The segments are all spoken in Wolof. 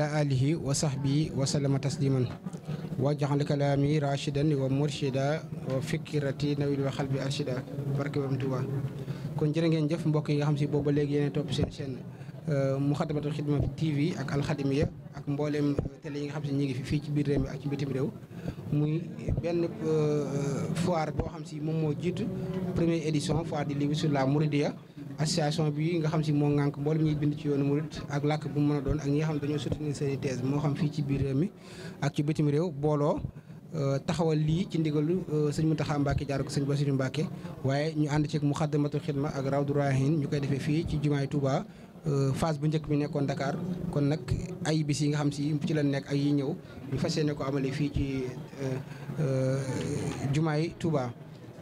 ala alihi wa sahbihi wa sallama tasliman wa jaxal kalaami rashidan wa murshida wa fikirati nawil wa xalbi arshida barke bam Tuuba kon jërë ngeen jëf mbokk yi nga xam si boobu ba léegi yéen topp seen chaîne euh, Muxaddamatul Xidma TV ak alxadimiya ak mbooleem euh, télé yi nga xam si ñu ngi fi fii ci biir réew mi ak ci bitim réew muy benn euh, foire boo xam si moom moo jiitu premier édition foire du livre sur la Mouridiya association bi nga xam si moo ŋànk mboolem ñuy bind ci yoonu murit ak làkk bu mu mën doon ak ñi xam dañoo soutenir seen i thèse moo xam fii ci biir réew mi ak ci bitim réew booloo euh, taxawal lii ci ndigalu euh, sëñ Mountakha Mbacké jaar ko sëñ Bassirou Mbacké waaye ñu ànd mu ceeg Muxaddamatul Xidma ak Rawdu Rahin ñu koy defee fii ci jumaay Touba euh, phase bu njëkk bi nekkoon ndakaar kon nag ay bis yi nga xam si ci la nekk ay yi ñëw ñu fas ne ko amale fii ci jumaay Touba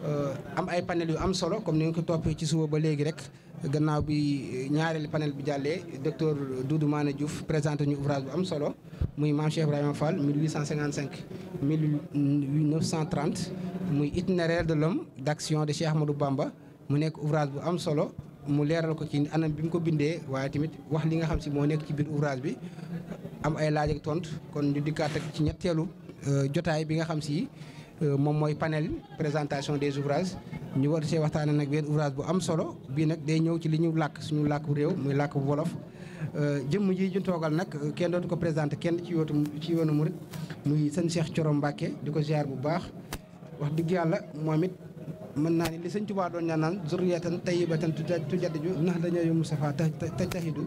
Euh, am ay panel yu am solo comme ni nga ko toppee ci suba ba léegi rek gannaaw bi euh, ñaareelu panel bi jàllee docteur Doudou Mané Diouf présenté ñu ouvrage bu am solo muy Maam Cheikh Ibrahima Fall 1855 1930 muy itinéraire de l'homme d'action de Cheikh Ahmadou Bamba mu nekk ouvrage bu am solo mu leeral ko ci anam bi mu ko bindee waaye tamit wax li nga xam si moo nekk ci biir ouvrage bi am ay laaj tontu kon ñu dikka teg ci ñetteelu euh, jotaay bi nga xam si. Euh, moom mooy panel présentation des ouvrages ñu war see waxtaanee nag benn ouvrage bu am solo bii nag day ñëw ci li ñu làkk suñu làkk bu réew muy làkk bu wolof. Euh, jëmm ji ju toogal nag kenn dootu ko présenté kenn ci yootu ci yoonu murit muy sëñ Cheikh coro Mbacké di ko ziar bu baax wax dëgg yàlla moom it. mën naa ne li sëñ Tuubaa doon tan ñaanal tu tayyibatan ju ndax dañoo Mustafa ta taxidu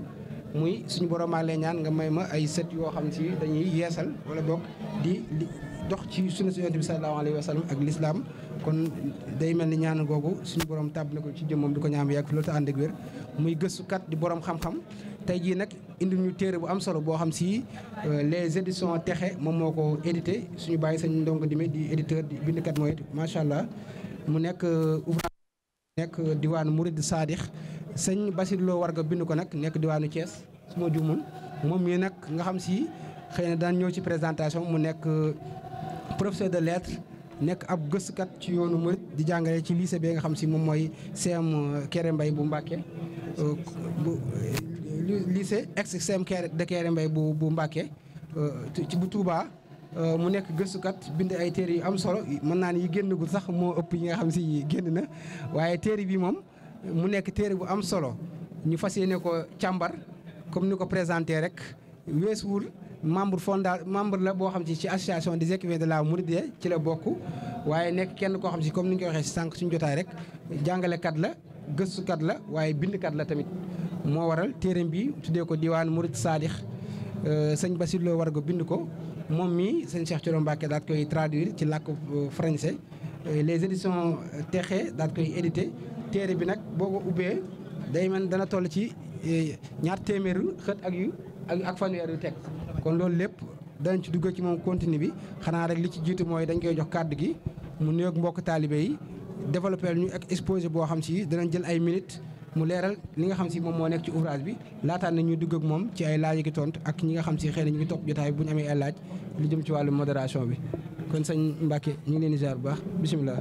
muy suñu borom maa lay ñaan nga may ma ay set yoo xam si dañuy yeesal wala bokk dox ci sunna si yonent bi sallallahu alayhi ak lislaam kon day mel ni ñaan googu suñu borom tàbb na ko ci jëmmam di ko ñaam yàgg fi loolu te ànd ak muy gëstukat borom xam tey jii nag indi ñu téere bu am solo boo xam si euh, les éditions Texe moom moo ko édité suñu bàyyi sañ ndongo dimi di éditeur di bindkat mooy macha allah mu nekk euh, ouvrage nekk diwaanu Mouride Sadix sëñ Basir loo war nga bind ko nag nekk diwaanu cees su ma juumoon moom mii nag nga xam si xëy na daan ñëw ci présentation mu nekk euh, professeur de lettres nekk ab gëstukat ci yoonu murit di jàngale ci lycée bi nga xam si moom mooy CM kere mbay bu Mbàkke bu lycée ex CM Kéré de Kéré Mbaye bu bu Mbàkke euh, ci bu Touba euh, mu nekk gëstukat bind ay téere yu am solo mën naa ni yi génnagul sax moo ëpp yi nga xam si génn na waaye téere bi moom mu nekk téere bu am solo ñu fas yéene ko càmbar comme ni ko présenté rek weesuwul membre fonda membre la boo xam ci ci association des écrivains de la Mouride ci la bokk waaye nekk kenn koo xam si comme ni ñu ko waxee sànq suñu jotaay rek jàngalekat la gëstukat la waaye bindkat la tamit moo waral téereem bi tuddee ko diwaan Mouride Sadix euh, sëñ Basir Lo war ko bind ko moom mii sëñ Cheikh Thioro Mbacke daal koy traduire ci làkk euh, français euh, les éditions téexe daal koy édité téere bi nag boo ko ubbee day mel dana toll ci ñaar téeméeru xët ak yu ak fanweer yu teg. kon loolu lépp danañ ci dugg ci moom continue bi xanaa rek li ci jiitu mooy dañ koy jox kàddu gi mu nuyoog mbokk taalibe yi développé ñu ak exposé boo xam si danañ jël ay minutes mu leeral li nga xam si moom moo nekk ci ouvrage bi laataan na ñuy dugg moom ci ay laaj gi tontu ak ñi nga xam si xëy na ñu ngi topp jotaay bu ñu amee ay laaj li jëm ci wàllu modération bi kon sañ Mbacke ñu ngi leen bu baax bisimilah.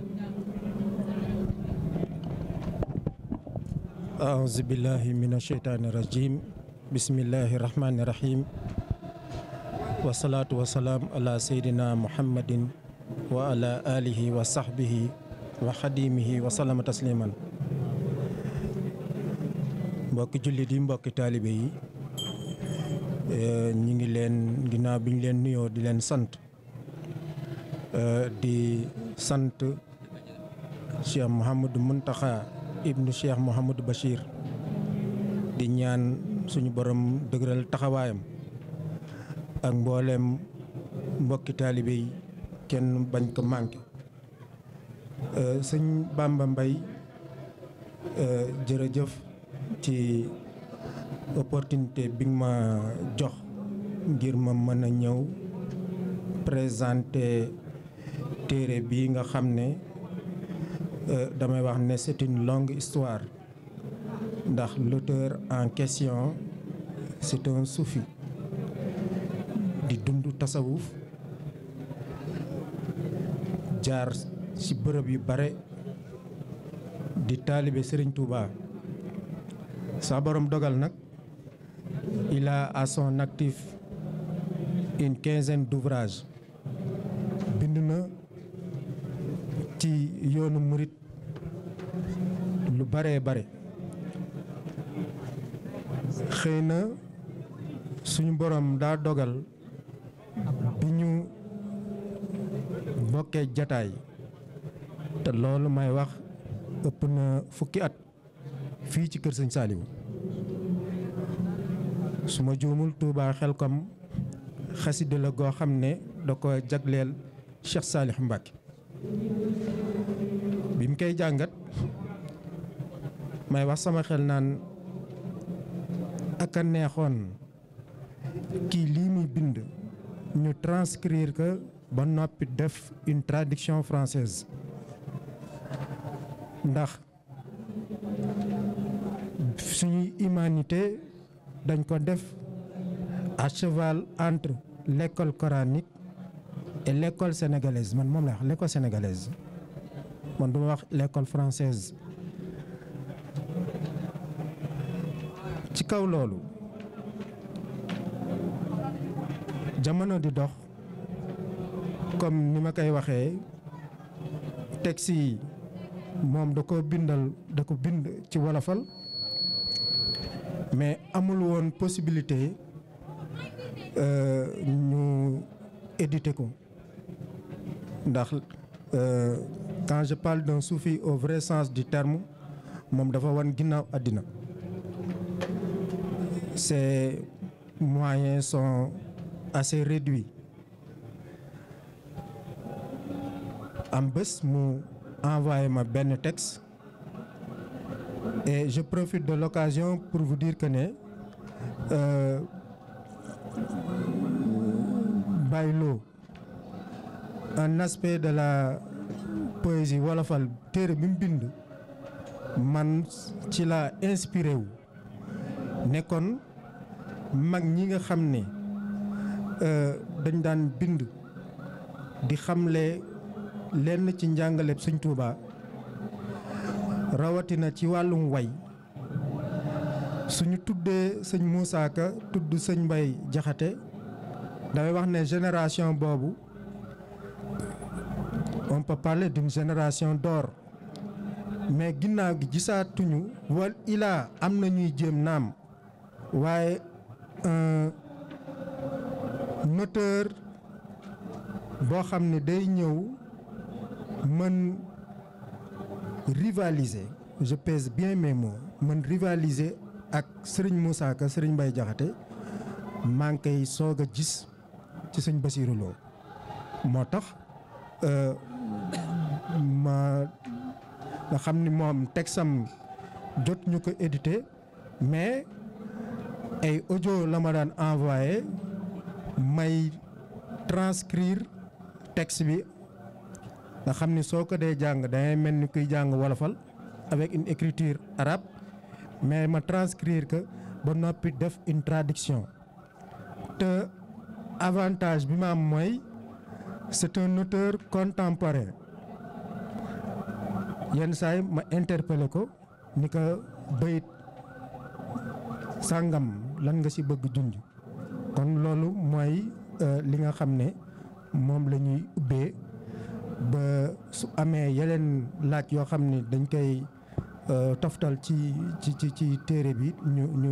aouzu billahi mina sheytaani rajim bismillahi rahmaani wasalaatu wasalaam ala seydina muhammadin wa ala alihi wa sahbihi wa xadimihi wa salama tasliman mbokki jullit yi mbokki taalibe yi eh, ñu ngi leen ginnaaw bi ñu leen nuyoo di leen sant eh, di sant Cheikh Mouhamadou Mountakha ibnu Cheikh Mouhamadou Bachir di ñaan suñu boroom dëgëral taxawaayam ak mbooleem mbokki taalibe kenn bañ ko manqué euh, sëñ Bamba Mbaye euh, jërëjëf ci opportunité bi nga ma jox ngir ma mën a ñëw présenter téere bi nga xam ne euh, damay wax ne c'est une longue histoire ndax l'auteur en question c'est un soufi di dund tasawuf jaar ci bërëb yu bare di taalibe sëriñ Touba sa borom dogal nag il a à son actif une quinzaine d'ouvrages bind na ci yoonu murit lu bare bare xëy na suñu borom daa dogal bi ñu bokkee jataay te loolu may wax ëpp na fukki at fii ci kër sëñ Saliou su ma juumul Touba Xelkom xasida la goo xam ne da ko jagleel Cheikh Salih Mbacke bi mu koy jàngat may wax sama xel naan aka neexoon kii lii muy bind ñu transcrire que ba noppi def une traduction française ndax suñuy humanité dañ ko def à cheval entre l'école coranique et l'école sénégalaise man moom la wax l'école sénégalaise man wax l'école française ci kaw loolu jamono di dox comme ni ma koy waxee texte yi moom da ko bindal da ko bind ci wolofal mais amul woon possibilité euh, ñu édité ko ndax euh, quand je parle d'un soufi au vrai sens du terme moom dafa wan ginnaaw àddina ces moyens sont assez réduit am bés mu envoyé ma benn tex et je profite de l'occasion pour vous dire que ne euh, Baylo un aspect de la poésie wolofal téere bi mu bind man ci la inspiré wu nekkoon mag ñi nga xam ni Euh, dañ daan bind di xamle lenn ci njàngaleb sëñ Tuuba rawatina ci wàllum way suñu tuddee sëñ Moussa Ka tudd sëñ Mbay Jaxate damay wax ne génération boobu on peut parler d'une génération d'or mais ginnaaw gi gisaatuñu wal ilaa am na ñuy jéem naam waaye euh, noteur boo xam ne day ñëw mën rivaliser je bien mes mots mën rivaliser ak Serigne Moussa Ka Serigne Mbaye Diakhaté maa ngi koy soog a gis ci suñ Bassirou moo tax euh, ma nga xam ni moom texam jot ñu ko édité mais ay audio la ma daan envoyé may transcrire texte bi nga xam ni soo ko dee jàng dangay mel ni kuy jàng wolofal avec une écriture arabe mais ma transcrire que ba noppi def une traduction te avantage bi ma am mooy c'est un auteur contemporain yenn saay ma interpellé ko ni ko bayit sàngam lan nga ci bëgg junj kon loolu mooy euh, li nga xam ne moom la ñuy ubbee ba su amee yeneen laaj yoo xam ne dañ koy euh, toftal ci ci ci ci téere bi ñu ñu.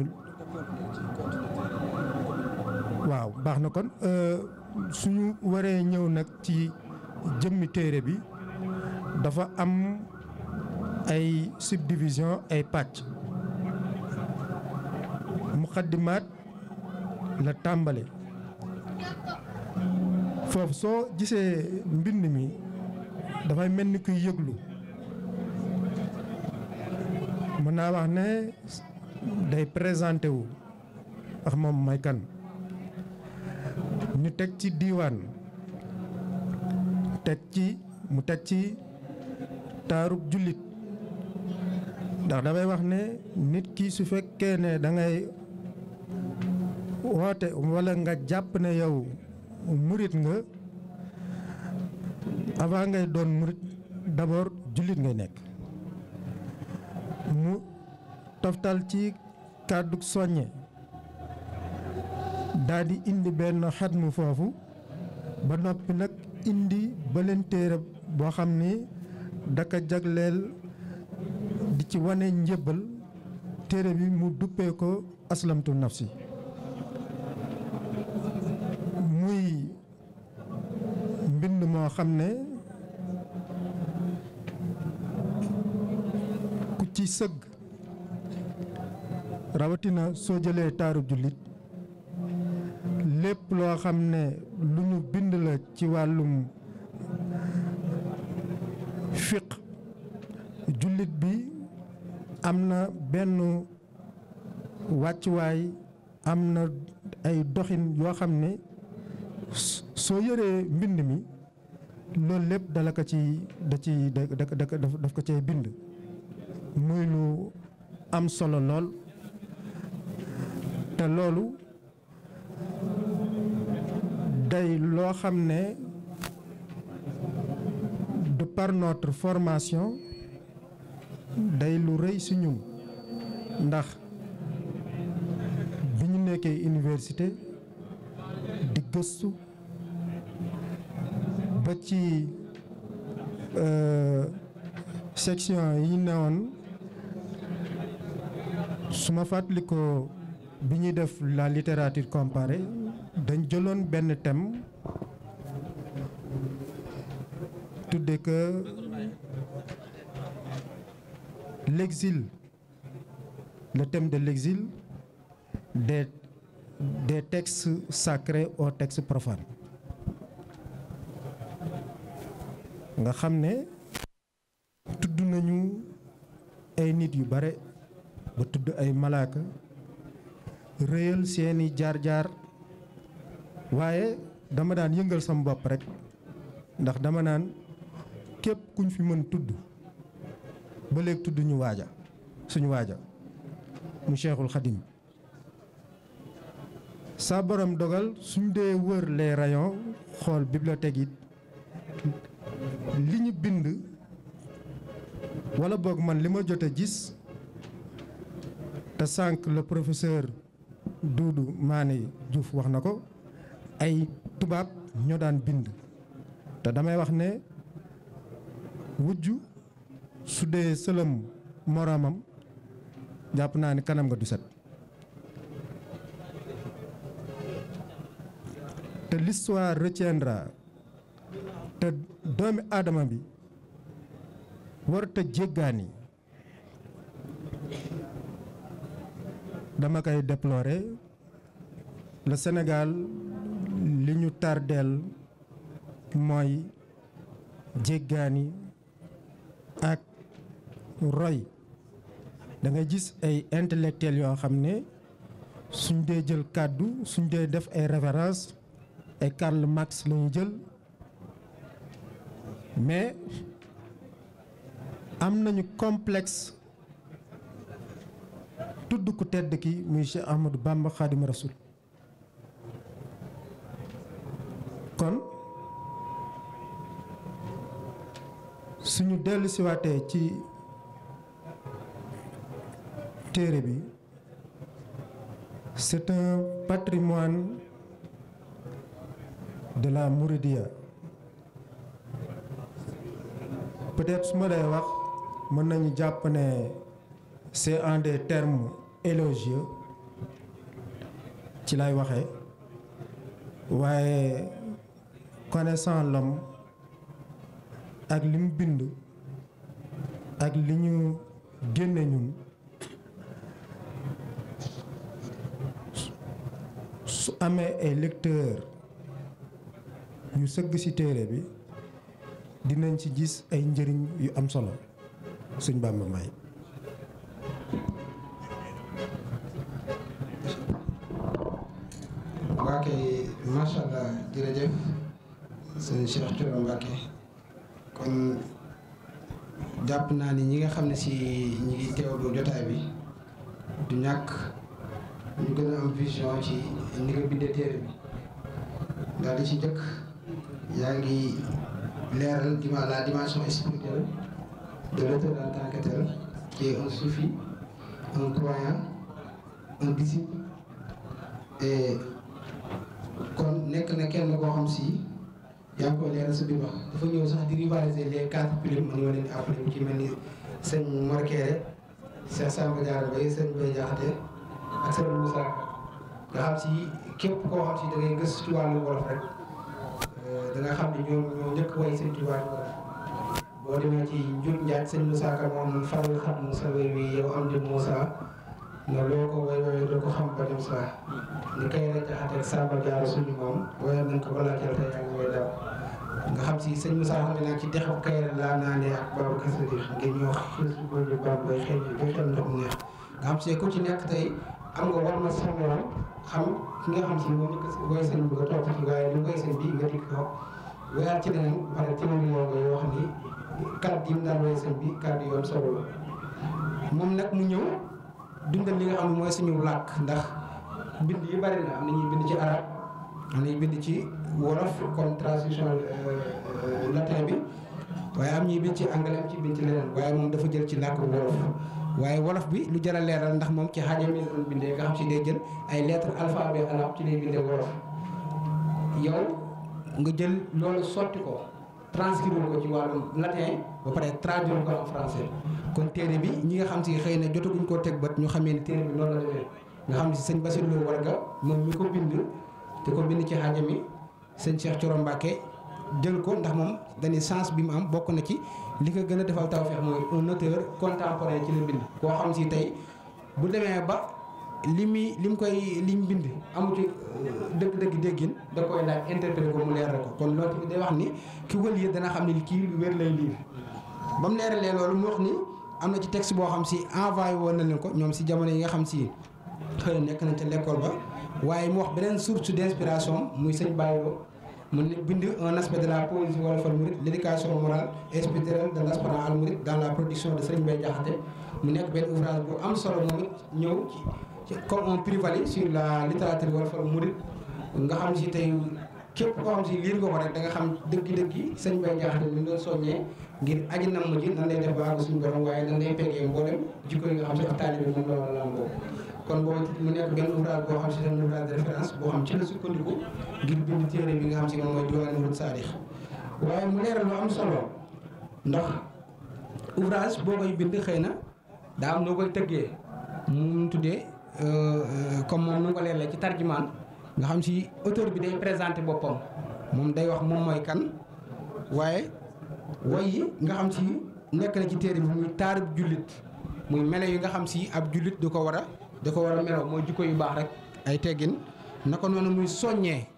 waaw baax na kon euh, suñu waree ñëw nag ci jëmmi téere bi dafa am ay subdivision ay pàcc muqaddimaat la tàmbale foofu soo gisee mbind mi dafay mel ni kuy yëglu mën naa wax ne day présenté wu wax moom may kan ñu teg ci diiwaan teg ci mu teg ci taaru jullit ndax damay wax ne nit ki su fekkee ne da woote wala nga jàpp ne yow murit nga avant ngay doon murit d'abord jullit ngay nekk mu toftal ci kàddu soññe daldi indi benn xet mu foofu ba noppi nag indi baleen téere boo xam ni daka jagleel di ci wane njëbbal téere bi mu duppee ko aslamtu nafsi muy mbind moo xam ne ku ci sëgg rawatina soo jëlee taarub jullit lépp loo xam ne lu ñu bind la ci wàllum fiq jullit bi am na benn wàccuwaay am na ay doxin yoo xam ne soo yoree mbind mi loolu lépp dala ko ci da ci da daf ko cay bind muy lu am solo lool te loolu day loo xam ne de par notre formation day lu rëy si ñun ndax bi ñu nekkee université di gëstu ba ci euh, section yi newoon su ma fàttalikoo bi ñuy def la littérature comparée dañ jëloon benn thème tudde que l'exil le thème de l'exil des des textes sacrés aux textes profanes nga xam ne tudd nañu ay nit yu bare ba tudd ay malaaka réyal seeni jaar-jaar waaye dama daan yëngal sam bopp rek ndax dama naan képp kuñ fi mën tudd ba léegi tudd ñu waaja suñu waaja mu Cheikhul Khadim saa boroom dogal suñ dee wër les rayons xool bibliothèque yi li ñu bind walla boog man li ma jote gis te sànq le professeur Doudou Mané Diouf wax na ko ay tubaab ñoo daan bind te damay wax ne wujj su dee sëlëm moroomam jàpp naa ni kanam nga du set te l'histoire retiendra doomi aadama bi warta jéggaani dama koy déplorer le Sénégal li ñu tardeel mooy jéggaani ak roy da gis ay intellectuels yoo xam ne suñ dee jël kàddu suñ dee def ay références ay Karl Marx la jël mais am nañu complex tudd ku tedd ki muy Cheikh Ahmadou Bamba Xaadimu Rasul kon suñu dellu siwaatee ci téere bi c'est un patrimoine de la Mouridia peut-être su ma lay wax mën nañu jàpp ne c'est un des termes élogieux ci lay waxe waaye connaissant l'homme ak li bind ak li ñu génne ñun su amee ay lecteurs yu sëgg ci téere bi dinañ ci gis ay njëriñ yu am solo suñ Bàmba may Mbàkke macha allah jërëjëf sëñ Cheikh Thioro Mbàkke kon jàpp naa ni ñi nga xam ne si ñi ngi teewlu jotaay bi du ñàkk ñu gën a am vision ci ni bindee téere bi daal ci jëkk yaa ngi leeral la dimension spirituelle de l'auteur en tant que tel qui est un croyant un disciple kon nekk na kenn koo xam si yaa ngi koy leeral sa biir wax dafa ñëw sax di rivaliser les quatre piliers ma leen di appelé ku ci mel ni sëñ Mor Kéré Cheikh Samba Diarra Baye sëñ Baye Diakhaté ak sëñ Moussa nga xam si képp koo xam si da ngay gëstu wàllu wolof rek. da nga xam ne ñoo ñoo njëkk way sëñ Tuubaa boo demee ci njur njaaj sëñ Moussa Ka moom faral xam sa wéy wi loo ko way waaye xam ba dem sa ni kay la jaxateeg Samba suñu moom waaye nañ ko balaa jël nga xam si sëñ Moussa xam ne nag ci dexu kay la laa naa ak Babacar Sadikh ngeen nga xam si ku ci nekk tey xam na war na sax moom xam ki nga xam si moom mooy sëñ bi nga topp ci waaye lu koy sëñ bi nga dikk ko wéyaat ci leneen pare ci leneen yoon nga yoo bi kàddu solo la nag mu ñëw dundal li nga xam ne mooy suñu làkk ndax bind yi bari na bind ci arab am nañuy ci wolof comme transition euh, bi waaye am ñuy bind ci anglais am ci bind ci leneen waaye moom dafa jël ci làkk wolof waaye wolof bi lu jar leeral ndax moom ci xaajam yi la doon bindee nga xam si day jën ay lettre alphabet arab ci lay bindee wolof yow nga jël loolu sotti ko transcrire ko ci wàllum latin ba pare traduire ko en kon téere bi ñi nga xam si xëy na jotaguñ ko teg bët ñu xamee ne téere bi noonu la demee nga xam si sëñ Bassirou Lo Warga moom mi ko bind te ko bind ci xaajam yi sëñ Cheikh Thioro Mbacké jël ko ndax moom dañuy sens bi mu am bokk na ci li ko gën a defal tawféex mooy un auteur contemporain ci la bind koo xam si tey bu demee ba li muy li mu koy li mu bind amu ci dëgg-dëgg euh, déggin da koy laaj interpellé ko mu leeral ko kon loolu day wax ni ki ko lire dana xam ne kii wér lay lire ba mu leeralee loolu mu wax ni am na ci texte boo xam si envoyé woon na leen ko ñoom si jamono yi nga xam si xëy nekk nañ ca l'école ba waaye mu wax beneen source d'inspiration muy sëñ Bayo. mu bind un aspect de la poésie wolofal mouride l'éducation morale de l'aspirant al mouride dans mu nekk benn ouvrage bu am solo moom it ñëw ci comme un prix Vallée sur la littérature wolofal mouride nga xam si tey képp koo xam si liir nga ko rek da nga xam dëgg-dëgg yi Serigne Mbaye Diakhaté li doon soññee ngir aji nam ji nan lay def baagu suñu borom waaye nan lay mboolem jikko yi nga xam si ab taalibe moom la war a lamboo kon boobu mu nekk benn boo xam si tam la sukkandiku ngir bind bi nga xam si moom mooy diwaan wut saadix waaye mu leeral lu am solo ndax ouvrage boo bind xëy na daa am noo tëggee mu tuddee euh, euh, comme moom nu ko leeralee ci tarjumaan nga xam si auteur bi day présenté boppam moom day wax moom mooy kan waaye way yi nga xam si nekk na ci téere bi muy taarib jullit muy mele yi nga xam si ab jullit du ko war a da ko war a meloo mooy jukko yu baax rek ay teggin naka noonu muy soññee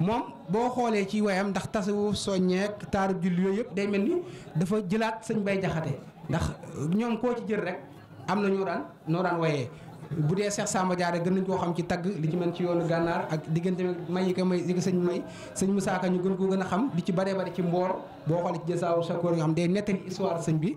moom boo xoolee ci wayam ndax tasawuf soññeek taarub julli yooyu yëpp day mel ni dafa jëlaat sëñ bay jaxate ndax ñoom koo ci jël rek am na ñoo daan noo daan wayee bu dee Seex Samba jaare gën nañ koo xam ci tagg li ci mel ci yoonu gànnaar ak diggante may yi ko may yi ko sëñ may sëñ Musaa Ka ñu gën koo gën a xam li ci bare bari ci mboor boo xoolee ci jësaawu sakoor nga xam day nettali histoire sëñ bi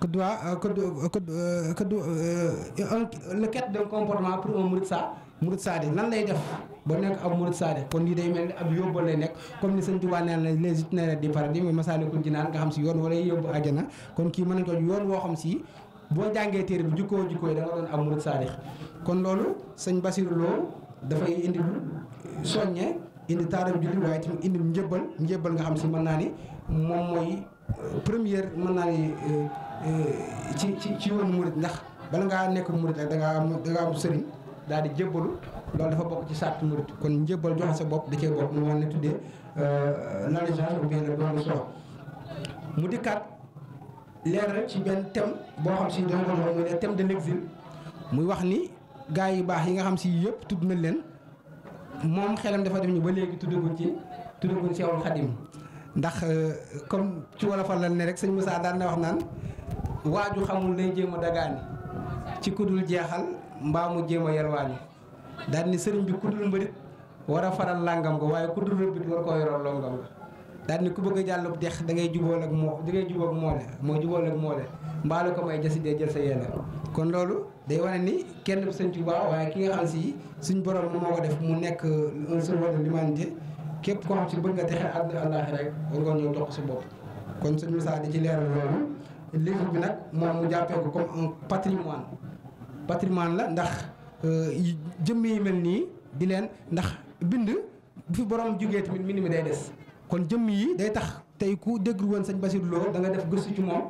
que doit euh, que euh, que euh, que le quête d'un comportement pour un murid sa murid sadiq nan lay def ba nekk ab murid sadiq kon lii day mel ni ab yóbbal lay nekk comme ni sëñ Tuubaa nee na les itinéraires du paradis muy Masaalikul Jinaan nga xam si yoon wala yóbbu àjjana kon kii mën a ko yoon woo xam si boo jàngee téere bi jukkoo jukkoo yi da nga doon ab murid sadiq kon loolu sëñ Basiru Lo dafay indi soññe indi taarab julli waaye tamit indi njëbbal njëbbal nga xam si mën naa ni moom mooy première mën naa Eh, ci ci ci yoonu murit ndax bala ngaa nekk murit nag da ngaa am da sëriñ daal di jébbalu loolu dafa bokk ci sàtt murit kon njébbal joxe sa bopp di cee mu ne tuddee l'allégeance ou bien mu dikkaat leer ci benn thème boo xam si dama ko jox muy le thème de l'exil muy wax ni gaa yu baax yi nga xam si yëpp tudd nañ leen moom xelam dafa def ñu ba léegi tuddaguñ ci tuddaguñ Seexul Xadim ndax euh, comme ci wolofal la ne rek sëñ Moussa daan na wax naan waaju xamul lay jéem a dagaani ci kudul jeexal mbaa mu jéem a yalwaani daan ni sëriñ bi kudul mbërit war a faral làngam ko waaye kudul rëbbit war koo yoroo longam ko daan ni ku bëgg jàll bu dex da ngay jubóol ak moo da ngay jubóog moo jubóol ak moole mbaalu ko may jasi dee jël sa yella kon loolu day wane ni kenn du sëñ Tuubaa waaye ki nga xam si suñ borom moo ko def mu nekk euh, un survoi de l'humanité képp koo xam si bëgg nga texe àdduna àllaaxira rek war nga ñëw jox ko sa bopp kon sëñ Moussa di ci leeral loolu livre bi nag moom mu jàppee ko comme un patrimoine patrimoine la ndax euh, jëmm yi mel nii di leen ndax bind bu fi borom jógee tamit mbind mi day des kon jëm yi day tax tey ku déglu woon sëñ basit Lo da nga def gëstu ci moom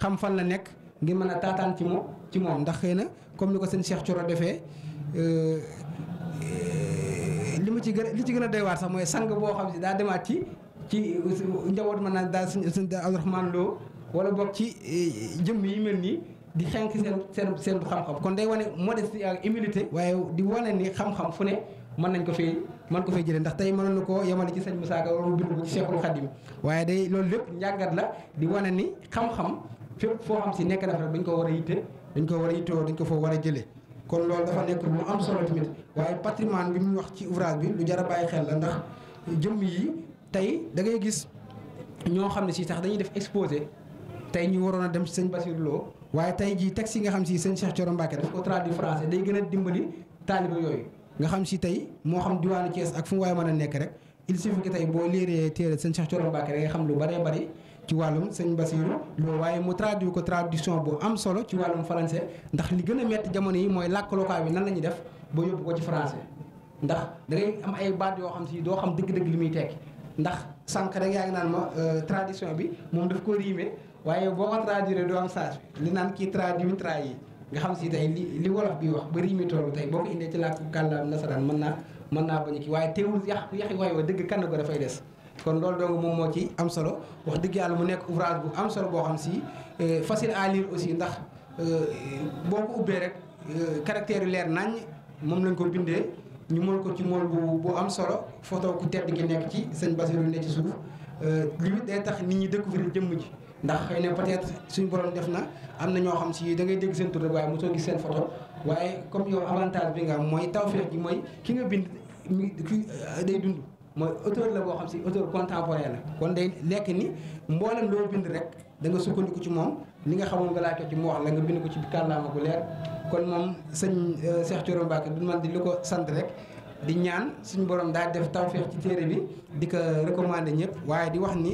xam fan la nekk ngir mën a taataan ci moom ci moom ndax xëy na comme ni ko seen Cheikh Thioro defee euh, li mu ci gën a li ci gën a doy waar sax mooy sang boo xam si daa demaat ci ci njaboot mën naa daal suñu suñu Abdourahmane Lo wala boog ci eh, jëmm yi mel nii di xenq seen seen seen xam-xam kon day wane modestie ak humilité waaye di wane ni xam-xam fu ne mën nañ ko fee mën ko fee jëlee ndax tey mënoon na koo yemale ci sëñ Moussa Ka wala bind ko ci Cheikhul Khadim waaye day loolu lépp njàngat la di wane ni xam-xam fépp foo xam si nekk na fa dañ ko war a yitte dañ ko war a yittewoo dañ ko foo war a jëlee kon loolu dafa nekk lu am solo tamit waaye patrimoine bi mu wax ci ouvrage bi lu jar a bàyyi xel la ndax jëmm yi tey da ngay gis ñoo xam ne si tax dañuy def exposé tey ñu waroon a dem ci sëñ Bassirou waaye tey jii texte yi nga xam si sëñ Cheikh Thioro Mbacké daf ko traduit français day gën a dimbali taaliba yooyu nga xam si tey moo xam diwaanu Thiès ak fu mu waaye mën a nekk rek il suffit que tey boo liiree téere sëñ Cheikh Thioro Mbacké rek xam lu bëree bëri ci wàllum sëñ Basiru loolu waaye mu traduit ko traduction boo am solo ci wàllum français ndax li gën a metti jamono yi mooy làkk local bi nan la ñuy def ba yóbbu ko ci france ndax dangay am ay baat yoo xam si doo xam dëgg-dëgg li muy tekki ndax sànq rek yaa ngi naan ma euh, tradition bi moom daf ko riime waaye boo ko traduire doo am saas li naan kii traduit yi nga xam si tey li li wolof bi wax ba riime toolu tey boo ko indee ci làkk kàllaam nasaraan mën naa mën naa bañ waaye teewul yax yaxi way wa dëgg kan ko dafay des kon loolu dong moom moo ci am solo wax dëgg yàlla mu nekk ouvrage bu am solo boo xam si eh, facile à lire aussi ndax eh, boo ko ubbee rek eh, caractère yu leer nañ moom lañ ko bindee ñu mën ko ci mool bu boo am solo photo ku tedd gi nekk ci sëñ Bassirou ne ci suuf limite day tax nit ñi découvrir jëmm ji ndax xëy na peut-être suñu borom def na am na ñoo xam si da ngay dégg seen tur rek waaye mosoo gis seen photo waaye comme yow avantage bi nga am taw tawfeex gi mooy ki nga bind day dund mooy auteur la boo xam si auteur contemporain la kon day lekk ni mboolem loo bind rek da nga sukkandiku ci moom li nga xamoon nga laajte ci mu wax la nga bind ko ci kàllaama gu leer kon moom sëñ euh, Cheikh Thioro Mbacké du man di ko sant rek di ñaan suñu borom daal def tawféex ci téere bi di ko recommander ñëpp waaye di wax ni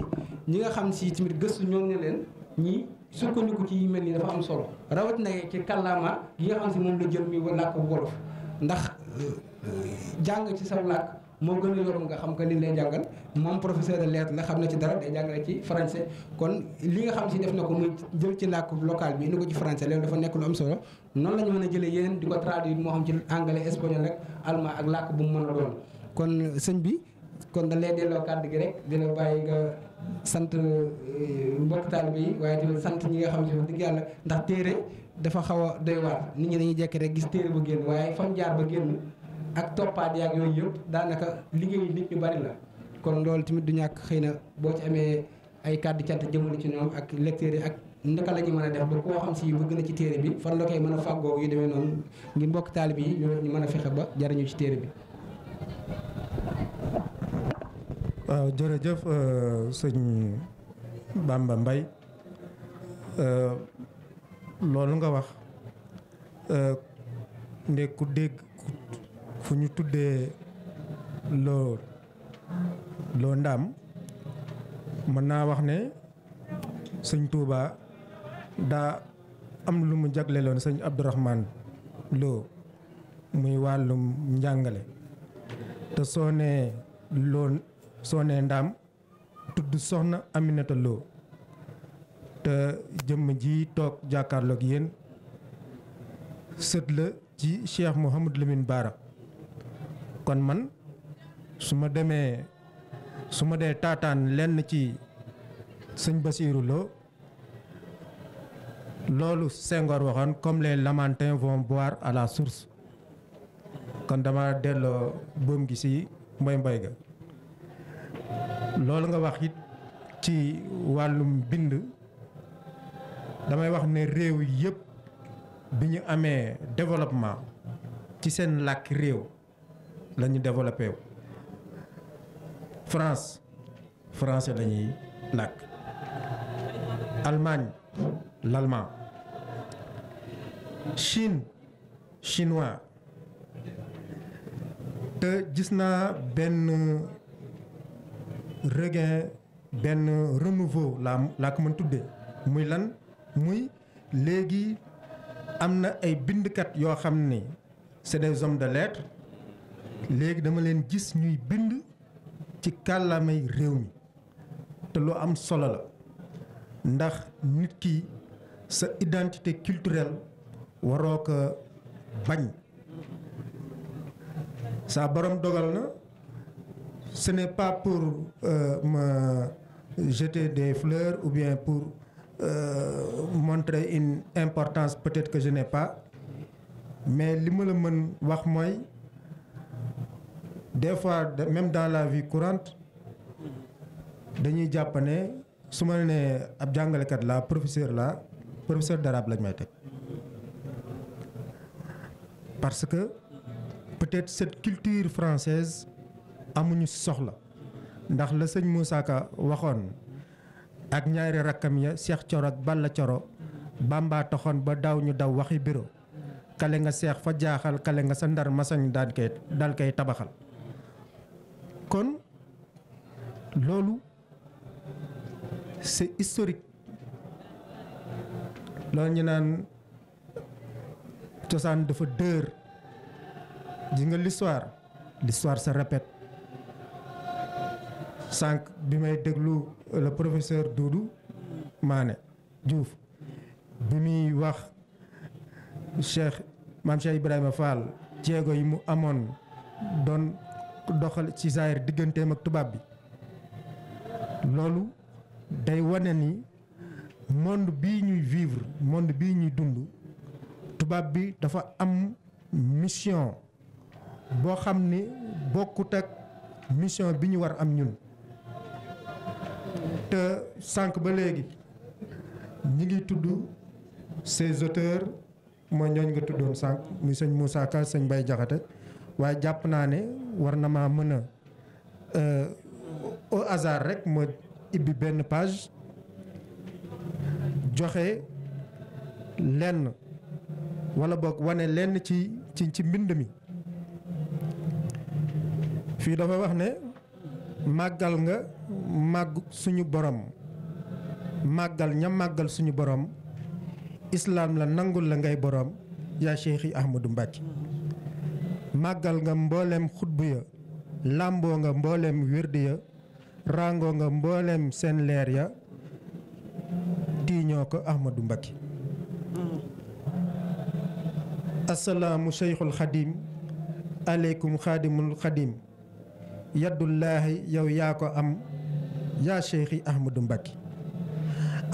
ñi nga xam si tamit gëstu ñoom ne leen ñii sukkandiku ci mel nii dafa am solo rawat na ci kàllaama gi nga xam si moom la jël muy làkk wolof ndax euh, euh, jàng ci saw làkk moo gën a yomb nga xam que li lay jàngal moom professeur de lettres la xam na ci dara day jàngale ci français kon li nga xam si def na ko muy jël ci làkk local bi ni ko ci français loolu dafa nekk lu am solo noonu la ñu mën a jëlee yeneen di ko traduire moo xam ci anglais espagnol rek allemand ak làkk bu mu mën a doon kon sëñ bi kon da lay delloo kàddu gi rek dina bàyyi nga sant euh, mbokk taalibe yi waaye tamit sant ñi nga xam si wax dëgg yàlla ndax téere xaw a doy waar nit ñi dañuy jekk gis téere ba génn waaye fam ba génn ak toppaat yaag yooyu yëpp daanaka liggéey nit ñu bari la kon loolu tamit du ñàkk xëy na boo ci amee ay kàddu cant jëmale ci ñoom ak lecteurs yi ak naka la ñu mën a def ba koo xam si bëgg na ci téere bi fan la koy mën a fàggoo yu demee noonu ngi mbokk taalib yi ñu mën a fexe ba jariñu ci téere bi waaw jërëjëf euh, sëñ Bamba Mbay euh, loolu nga wax euh, ne ku dégg fu ñu tuddee loo loo ndaam mën naa wax ne sëñ tuubaa daa am lu mu jagle loon sëñ Abdourahman loo muy wàllum njàngale te soo nee loo soo nee ndaam tudd soxna Aminata Lo te jëmm ji toog jàkkaarloog yéen sët la ci Cheikh Mouhamadou Lamine Bara kon man su ma demee su ma dee taataan lenn ci sëñ Basiiru Lo loolu sengoor waxoon comme les lamentins vont boire à la source kon dama delloo boom gi si mboy mboy ga loolu nga wax it ci wàllum bind damay wax ne réew yëpp bi ñu amee développement ci seen làkk réew la ñu développé wu France français lañuy ñuy làkk Allemagne Chine chinois te gis naa benn regain benn renouveau laa laa ko mën tuddee muy lan muy léegi am na ay bindkat yoo xam ni c'est des hommes de lettres léegi dama leen gis ñuy bind ci kàllaamay réew mi te lu am solo la ndax nit ki sa identité culturelle waroo ko bañ saa borom dogal na ce n'est pas pour euh, me des fleurs ou bien pour euh, montrer une importance peut-être que je n'ai mais li ma la mën wax mooy des fois même dans la vie courante dañuy jàpp ne su ma nee ab jàngalekat laa professeur laa professeur d'arabe lañ may teg parce que peut-être cette culture française amuñu soxla ndax la sëñ Moussa Ka waxoon ak ñaari rakkam ya Cheikh Coro ak Balla Coro Bamba taxoon ba daaw ñu daw waxi bureau kale nga seex fa jaaxal kale nga sa ndar masañ daan koy dal tabaxal kon loolu c'est historique loolu ñu naan cosaan dafa dër ji nga l'histoire l'histoire se répète sànq bi may déglu le professeur Doudou maane juuf bi muy wax Cheikh Maam Cheikh Ibrahima Fall jéego yi mu amoon doon doxal ci zaahir digganteem ak tubaab bi loolu day wane ni monde bii ñuy vivre monde bii ñuy dund tubaab bi dafa am mission boo xam ni bokkut ak mission bi ñu war am ñun te sànq ba léegi ñi ngi tudd ces auteurs mooy ñooñ nga tuddoon sànq muy sëñ Moussa Ka sëñ Baye Jaxate waaye jàpp naa ne war na maa mën a euh, au rekk rek ma ibbi benn page joxe lenn wala boog wane lenn ci ci ci mbind mi fii dafa wax ne màggal nga màgg suñu borom màggal ña màggal suñu borom islaam la nangu la ngay borom yaa Cheikh Ahmadou Mbacke màggal nga mboolem xutbu ya làmboo nga mboolem wérdi ya ràngoo nga mboolem seen leer ya tiiñoo ko Ahmadou Mbacké assalaamu seyxul xadiim aleykum xaadimul xadiim yaddullaahi yow yaa ko am yaa seyxi Ahmadou Mbacké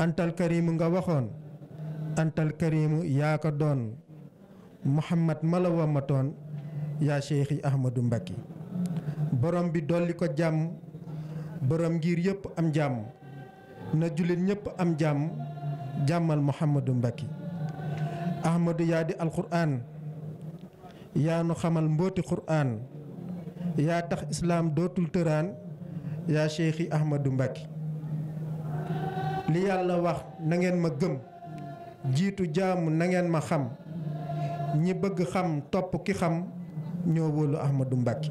antal karimu nga waxoon antal karimu yaa ko doon muhammad mala wamatoon yaa Cheikhi Ahmadou Mbacke borom bi dolli ko jàmm borom ngir yépp am jàmm na jullit ñëpp am jàmm jàmmal Mouhamadou Mbacke Ahmadou yaa di alquran yaa nu xamal mbooti quran yaa tax islaam dootul tëraan yaa Cheikhi Ahmadou Mbacke li yàlla wax nangeen ma gëm jiitu jaamu na ma xam ñi bëgg xam topp ki xam ñoo wóolu Ahmadou Mbacke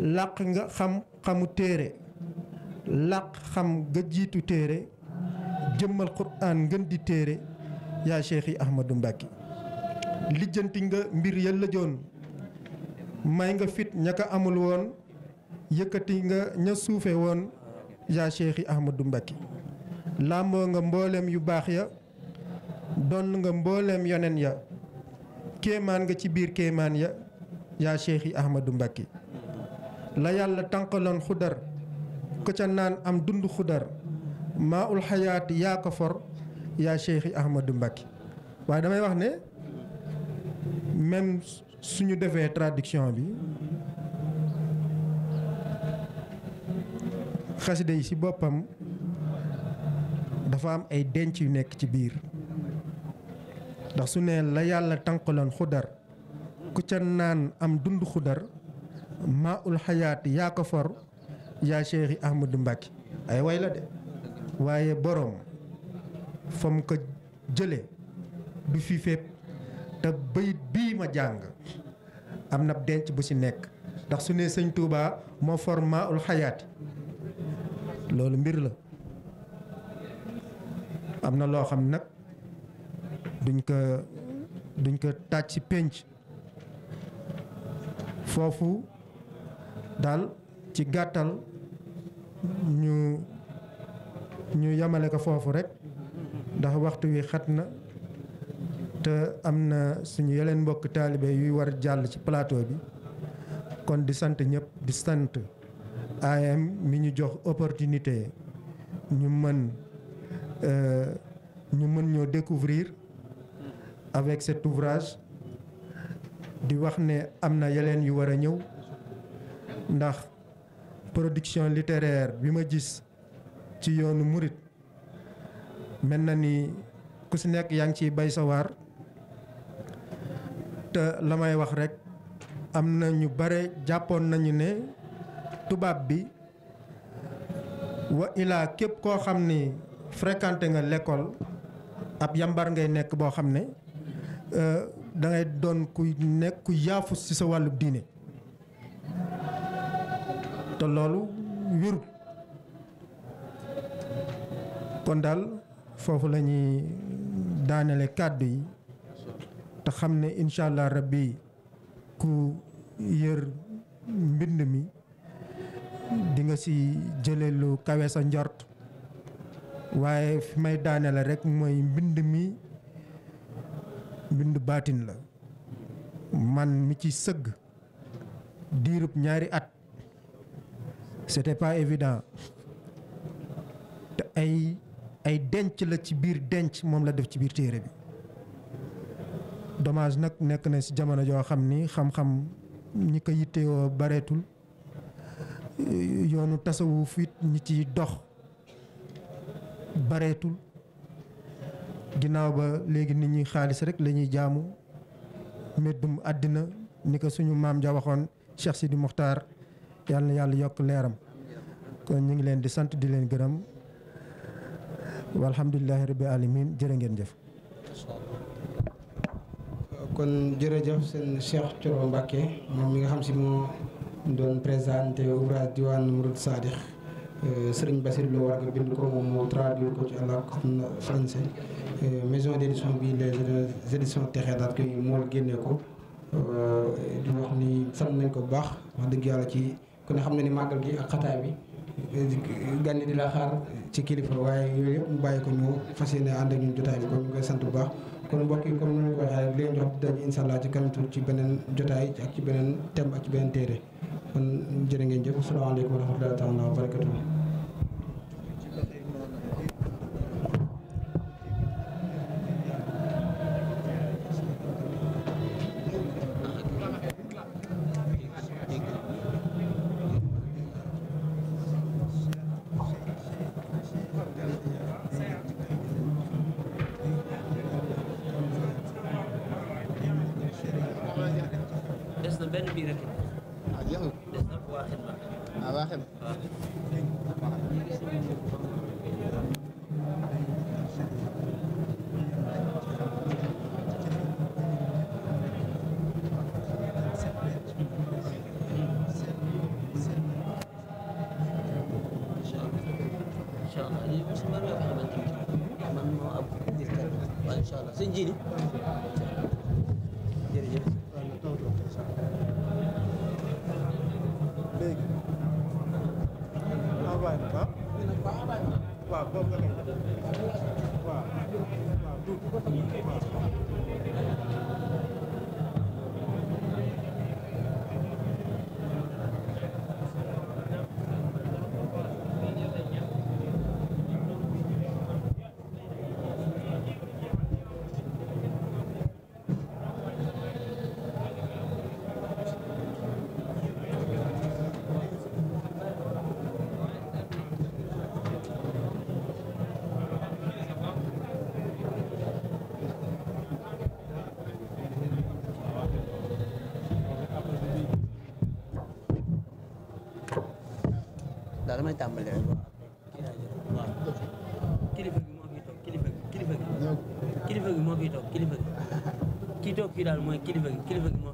làq nga xam xamu téere làq xam nga jiitu téere jëmmal quraan ngën di téere yaa cheikh yi Ahmadou lijjanti nga mbir ya lëjoon may nga fit ña ko amul woon yëkkati nga ña suufe woon yaa cheikh yi Ahmadou làmboo nga mbooleem yu baax ya doon nga mbooleem yoneen ya kéemaan nga ci biir kéemaan ya yaa cheikh yi ahmadou mbàkke la yàlla tànqaloon xudar ko ca naan am dund xudar maa ul xayaat yaa ko for yaa cheikh yi ahmadou waaye damay wax ne même suñu defee traduction bi xasida yi ci boppam dafa am ay denc yu nekk ci biir ndax su ne la yàlla tànqaloon xudar ku ca naan am dund xudar maa ul xayaat yaa ko for yaa Cheikh Ahmadou Mbacke ay way la de waaye boroom fa ko jële du fi fépp te bayit bii ma jàng am na denc bu ci nekk ndax su ne sëñ Touba moo for maa ul xayaati loolu mbir la am na loo xam nag duñ ko duñ ko taaj pénc foofu daal ci gàttal ñu ñu yamale ko foofu rekk ndax waxtu wi xat na te am na suñu yeneen mbokk taalibe yuy war jàll ci plateau bi kon di sant ñëpp di sant am mi ñu jox opportunité ñu mën euh, ñu mën ñoo découvrir avec cet ouvrage di wax ne am na yeneen yu war a ñëw ndax production littéraire bi ma gis ci yoonu murit mel na ni ku si nekk yaa ngi ciy bay sa te la may wax rekk am na ñu bare jàppoon nañu ne tubaab bi wa ilaa képp koo xam ni fréquenté nga lekkool ab yambar ngay nekk boo xam ne Euh, da ngay doon ku nekk ku yaafus ci sa wàllu diine te loolu wéru kon daal foofu la ñuy daanele kàddu yi te xam ne incha allah rabbi ku yër mbind mi dinga ci jële lu kawe sa njort waaye fi may daanele rekk mooy mbind mi. mbind baatin la man mi ci sëgg diirub ñaari at c'était pas évident te ay ay denc la ci biir denc moom la def ci biir téere bi domage nag nekk na ci jamono joo xam ni xam-xam ñi ko yittewoo bareetul yoonu tasawu fit ñi ci dox bareetul ginnaaw ba léegi nit ñuy xaalis rek lañuy jaamu méddum àddina ni ko suñu maam ja waxoon Cheikh Sidi Mokhtar yàlla yàlla yokk leeram kon ñu ngi leen di sant di leen gërëm walhamdulilahi rabbi alamin jërë ngeen jëf kon jërëjëf seen Cheikh Thioro Mbacké moom mi nga xam si moo doon présenté ouvrage diwaan Mouride Sadikh Euh, Serigne Bassir Lo war nga bind ko moom moo traduire ko ci àll ak français euh, maison d'édition bi les éditions Texé daal koy mool génne ko euh, di wax ni sant nañ ko bu baax wax dëgg yàlla ci kon ne xam ne ni màggal gi ak xataay bi gànni di la xaar ci kilifa waaye yooyu yëpp mu bàyyi ko ñu fas yéene ànd ak ñun jotaay bi kon ñu sant bu baax kon mbokk yi ko waxee rek leen jox daje incha allah ci kanam tuuti ci beneen jotaay ak ci beneen thème ak ci beneen téere kon jërë ngeen jëf asalaamaaleykum wa rahmatulah taala wa waaw damay tàmbali rek waaw. kilifa gi moo fi toog kilifa gi kilifa gi. kilifa gi moo fi toog kilifa gi. kii toog kii daal mooy kilifa gi kilifa gi moo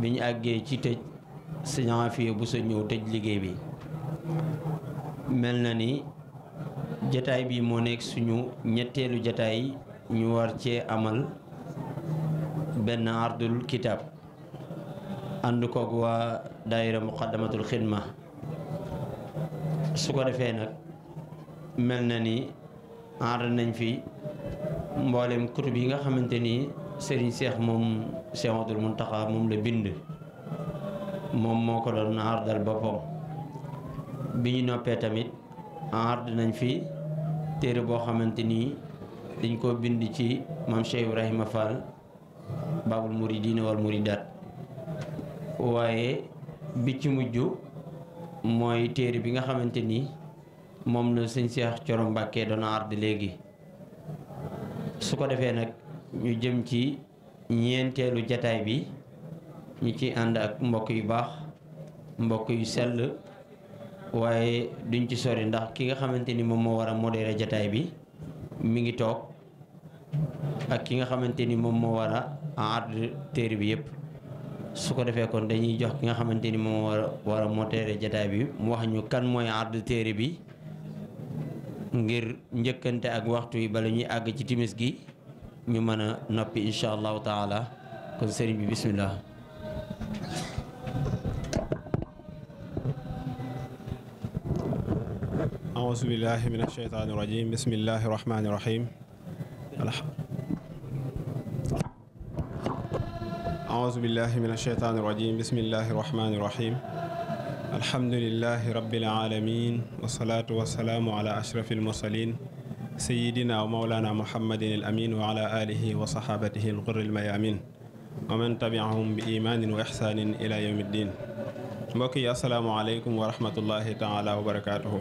bi ñu àggee ci tëj sëñ Afia bu sa ñëw tëj liggéey bi mel na ni jataay bii moo nekk suñu ñetteelu jataay ñu war cee amal benn ardul kitaab ànd koog waa daayira muqaddamatul xidma su ko defee nag mel na ni ànd nañ fi mboolem kutub yi nga xamante ni Serigne Cheikh moom Cheikh Amadou Mountakha moom la bind moom moo ko doon ardal boppam bi ñu noppee tamit ard nañ fi téere boo xamante nii dañ ko bind ci maam Cheikh Ibrahima Fall Babul Mouridina wal Mouridat waaye bi ci mujj mooy téere bi nga xamante ni moom la sëñ Cheikh coro Mbacké doon ard léegi ñu jëm ci ñeenteelu jataay bi ñu ci ànd ak mbokk yu baax mbokk yu sell waaye duñ ci sori ndax ki nga xamante ni moom moo war a modéré jataay bi mi ngi toog ak ki nga xamante ni moom moo war a àdd téere bi yëpp su ko defee kon dañuy jox ki nga xamante ni moom war jataay bi mu wax ñu kan mooy àdd téere bi ngir njëkkante ak waxtu yi bala ñuy àgg ci timis gi ñu mën a noppi incha allahu taala kon sëriñ bi bismillah أعوذ بالله من الشيطان الرجيم بسم الله الرحمن الرحيم أعوذ بالله من الشيطان الرجيم بسم الله الرحمن الرحيم الحمد لله رب العالمين والصلاة والسلام على أشرف المرسلين sayidina wa mawlana muhammadin al amin wa ala alihi wa sahabatihi al ghurri al mayamin wa man tabi'ahum bi imanin wa ihsanin ila yawmiddin mbokk yi assalaamu aleykum wa rahmatullahi taala wa barakatuhu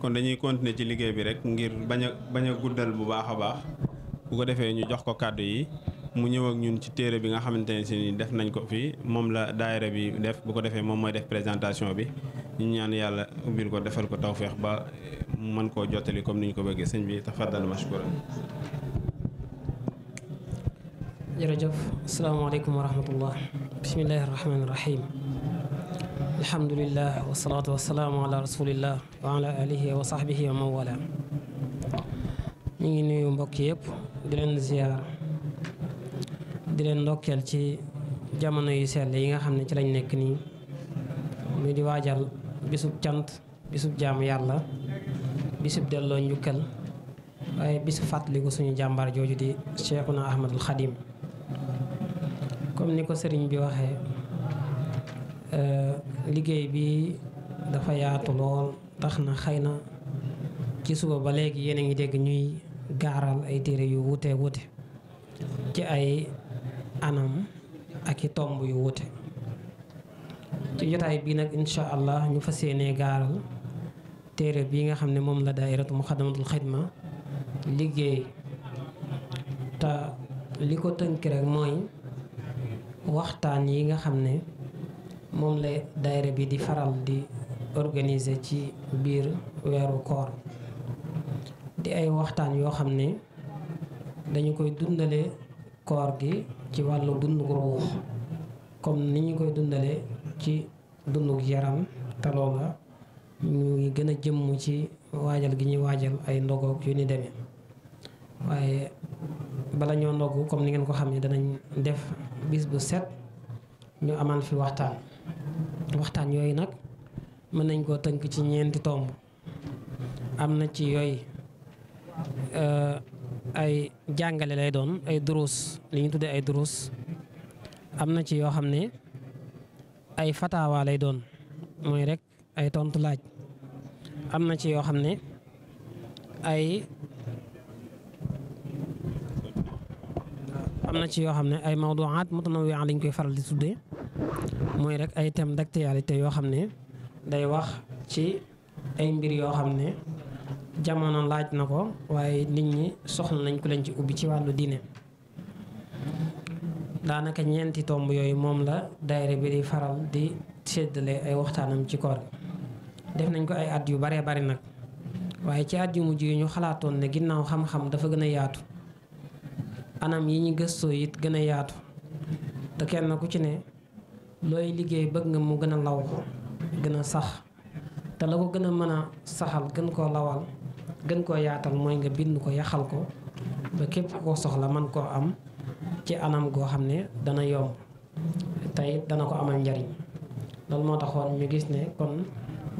kon dañuy continé ci liggéey bi rek ngir bañ a bañ a guddal bu baax a baax bu ko defee ñu jox ko kàddu yi mu ñëw ak ñun ci téere bi nga xamante ne ni def nañ ko fii moom la daayira bi def bu ko defee moom mooy def présentation bi ñu ñaan yàlla ubbil ko defal ko tawféex ba mën koo jottali comme ni ñu ko bëggee sëñ bi tafaddal mashkuran jërëjëf asalaamaaleykum wa rahmatullah bismillahi alhamdulilah wasalaatu wasalaamu ala rasulillah wa ala alihi sax sahbihi wa mawala ñu ngi nuyu mbokk yépp di leen ziar di leen ndokkeel ci jamono yu sell yi nga xam ne ci lañ nekk nii muy di waajal bisub cant bisub jaamu yàlla bisub delloo njukkal waaye bisu fàttaliku suñu jàmbaar jooju di Cheikhuna Ahmadul Xadim comme ni ko sëriñ bi waxee Euh, liggéey bi dafa yaatu lool tax na xëy na ci suba ba léegi yéen a ngi dégg ñuy gaaral ay téere yu wute wute ci ay anam ak i tomb yu wute ci jotaay bii nag incha allah ñu fa yéenee gaaral téere bii nga xam ne moom la daairatu muxadamatul xidma liggéey te li ko tënk rek mooy waxtaan yi nga xam ne moom la daayira bi di faral di organise ci biir weeru koor di ay waxtaan yoo xam ne dañu koy dundale koor gi ci wàllu dunduk ruux comme ni ñu koy dundale ci dundug yaram te loola ñu gën a jëmm ci waajal gi ñuy waajal ay ndogoog yu ni demee waaye bala ñoo ndogu comme ni ngeen ko xam ne danañ def bis bu set ñu amal fi waxtaan waxtaan yooyu nag mën nañ koo tënk ci ñeenti tomb am na ci yooyu eh, ay jàngale lay doon ay duruus li ñu tuddee ay duruus am na ci yoo xam ne ay fataawa lay doon mooy rek ay tontu laaj am na ci yoo xam ne ay am na ci yoo xam ne ay mawduwaat mutanawwi lañ koy faral di tuddee mooy rek ay thèmes d'actualité yoo xam ne day wax ci ay mbir yoo xam ne jamono laaj na ko waaye nit ñi soxla nañ ku leen ci ubbi ci wàllu diine daanaka ñeenti tomb yooyu moom la daayira bi di faral di séddale ay waxtaanam ci kor def nañ ko ay at yu baree bari nag waaye ci at yu mujj yi ñu xalaatoon ne ginnaaw xam-xam dafa gën a yaatu anam yi ñu gëstoo it gën a yaatu te kenn ku ci ne looy liggéey bëgg nga mu gën a law gën a sax te la ko gën a mën a saxal gën koo lawal gën koo yaatal mooy nga bind ko yaxal ko ba képp a koo soxla man koo am ci anam goo xam ne dana yomb tey dana ko amal njariñ loolu moo taxoon ñu gis ne kon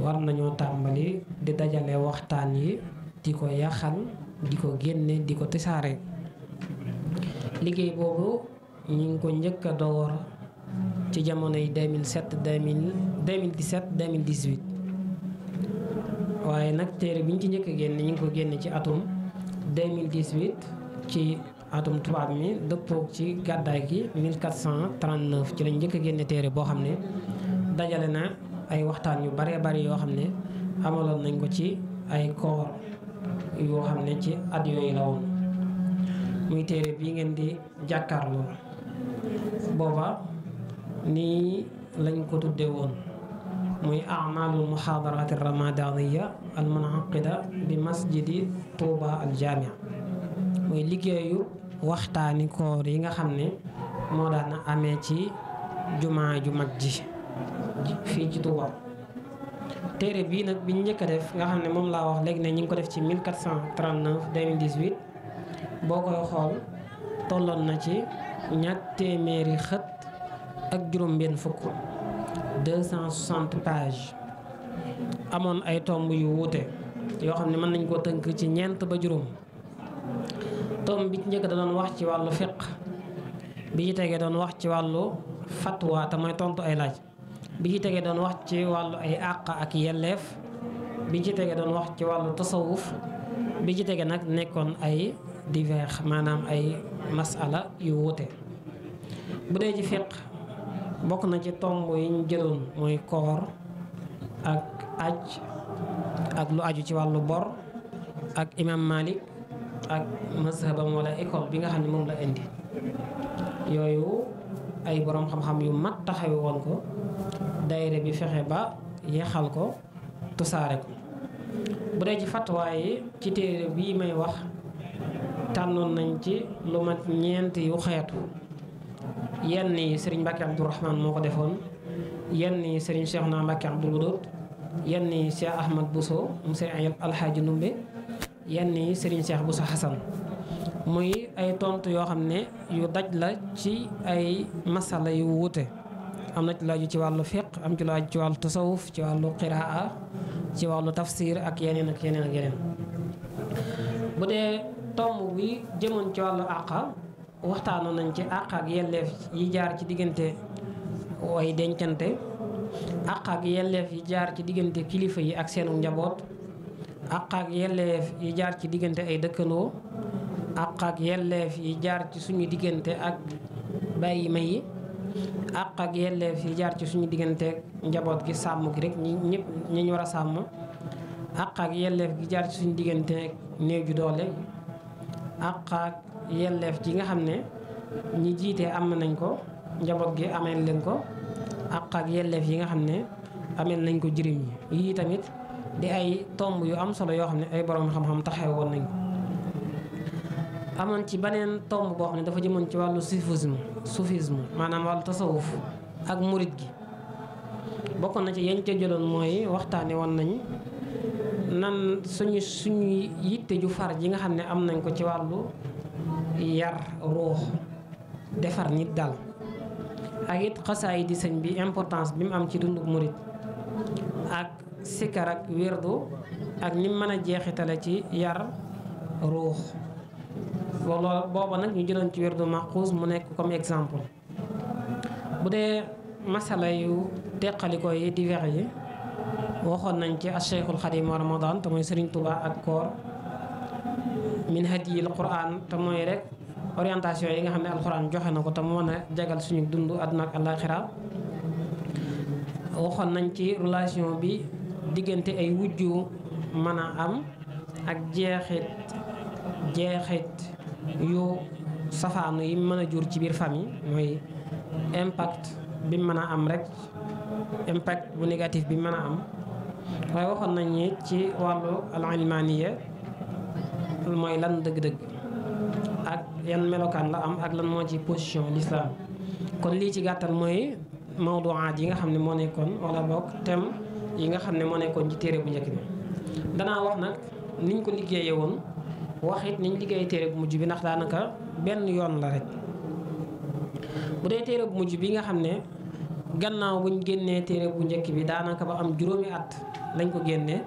war nañoo tàmbali di dajale waxtaan yi di ko yaxal di ko génne di ko tisaare liggéey boobu ñu ngi ko njëkk a door ci jamono yi 2007 2017 2018 waaye nag téere bi ñu ci njëkk a génn ñu ngi ko génne ci atum 2018 ci atum tubaab mi dëppoog ci gàddaay gi 1439 ci lañ njëkk génne téere boo xam ne dajale na ay waxtaan yu bare bari yoo xam ne amaloon nañ ko ci ay koor yoo xam ne ci at yooyu la muy téere bii ngeen di jàkkaarloo booba nii lañ ko tudde woon muy amalul muxaadaraati ramadaniya al munaqida bi masjidi Touba al jamia muy liggéeyu waxtaani koor yi nga xam ne moo daan amee ci jumaa ju mag ji fii ci Touba téere bii nag biñ njëkk a def nga xam ne moom laa wax léegi ne ñu ngi ko def ci 1439 2018 boo koy xool tolloon na ci ñatt téeméeri xët ak juróom-benn fukk 260 pages amoon ay tomb yu wuute yoo xam ne mën nañ koo tënk ci ñeent ba juróom tomb bi ci njëkk da doon wax ci wàllu fiq bi ci tegee doon wax ci wàllu fatwa te mooy tontu ay laaj bi ci tegee doon wax ci wàllu ay àq ak yelleef bi ci tegee doon wax ci wàllu tasawuf bi ci tegee nag nekkoon ay divers maanaam ay masala yu wuute bu dee ci fiq bokk na ci tomb yi ñu mooy koor ak aj ak lu aju ci wàllu bor ak imam malik ak mazhabam wala école bi nga xam ne moom la indi yooyu ay boroom xam-xam yu mag taxawi woon ko daayira bi fexe ba yeexal ko tusaare ko bu dee ci fatwa yi ci téere bii may wax tànnoon nañ ci lu mat ñeent yu xeetu yenn yi sëriñ Mbàkke Abdourahman moo ko defoon yenn yi sëriñ seex na Mbàkke Abdoul Wadoud yenn yi Cheikh Ahmad Bousso mu sëriñ Alxaaji Ndumbe yenn yi sëriñ seex Bousso Hassan muy ay tontu yoo xam ne yu daj la ci ay masala yu wuute am na ci laaju ci wàllu fiq am ci laaju ci wàllu tasawuf ci wàllu qiraa ci wàllu tafsir ak yeneen ak yeneen ak yeneen bu dee tomb bi jëmoon ci wàllu àqa waxtaanoon nañ ci àq ak yelleef yi jaar ci diggante way dencante àq ak yelleef yi jaar ci diggante kilifa yi ak seenu njaboot àq ak yi jaar ci diggante ay dëkkandoo àq ak yelleef yi jaar ci suñu diggante ak bàyyi ma yi àq ak yelleef yi jaar ci suñu diggante njaboot gi sàmm gi rek ñi ñëpp war a sàmm àq ak yelleef gi jaar ci suñu diggante néew ju doole àq yelleef ji nga xam ne ñi jiite am nañ ko njaboot gi amee leen ko àq ak yelleef yi nga xam ne ameel nañ ko jëriñ yi yii tamit di ay tomb yu am solo yoo xam ne ay borom xam-xam taxaw woon nañ amoon ci beneen tomb boo xam ne dafa jëmoon ci wàllu sufisme soufisme maanaam wàllu tasawuf ak murit gi bokkoon na ci yañ ca jëloon mooy waxtaane woon nañu nan suñu suñu yitte ju far ji nga xam ne am nañ ko ci wàllu yar ruux defar nit daal ak it xasaay di sëñ bi importance bi mu am ci dundu murit ak sikar ak wérdu ak nim mën a jeexitale ci yar ruux loolu booba nag ñu jëloon ci wérdu maxuus mu nekk comme exemple bu dee masala yu teqalikoo yi divers yi waxoon nañ ci a Cheikhul Xadim wa te mooy Sëriñ Tuubaa ak koor min hadiyi alquran te mooy rek orientation yi nga xam ne alquran joxe na ko te mu a jagal suñu dund àdduna ak àllaaxira waxoon nañ ci relation bi diggante ay wujju mën a am ak jeexit jeexit yu safaanu yi mën a jur ci biir famille mooy impact bi mën a am rek impact bu négatif bi mën a am waaye waxoon nañ ci wàllu al ilmaniya gàttal mooy lan dëgg-dëgg ak yan melokaan la am ak lan moo ci position l'islam kon lii ci gàttal mooy mawduwaat yi nga xam ne moo nekkoon wala boog thème yi nga xam ne moo nekkoon ci téere bu njëkk bi danaa wax nag niñ ko liggéeye woon wax it niñ liggéeye téere bu mujj bi ndax daanaka benn yoon la rek bu dee téere bu mujj bi nga xam ne gannaaw buñ génnee téere bu njëkk bi daanaka ba am juróomi at lañ ko génnee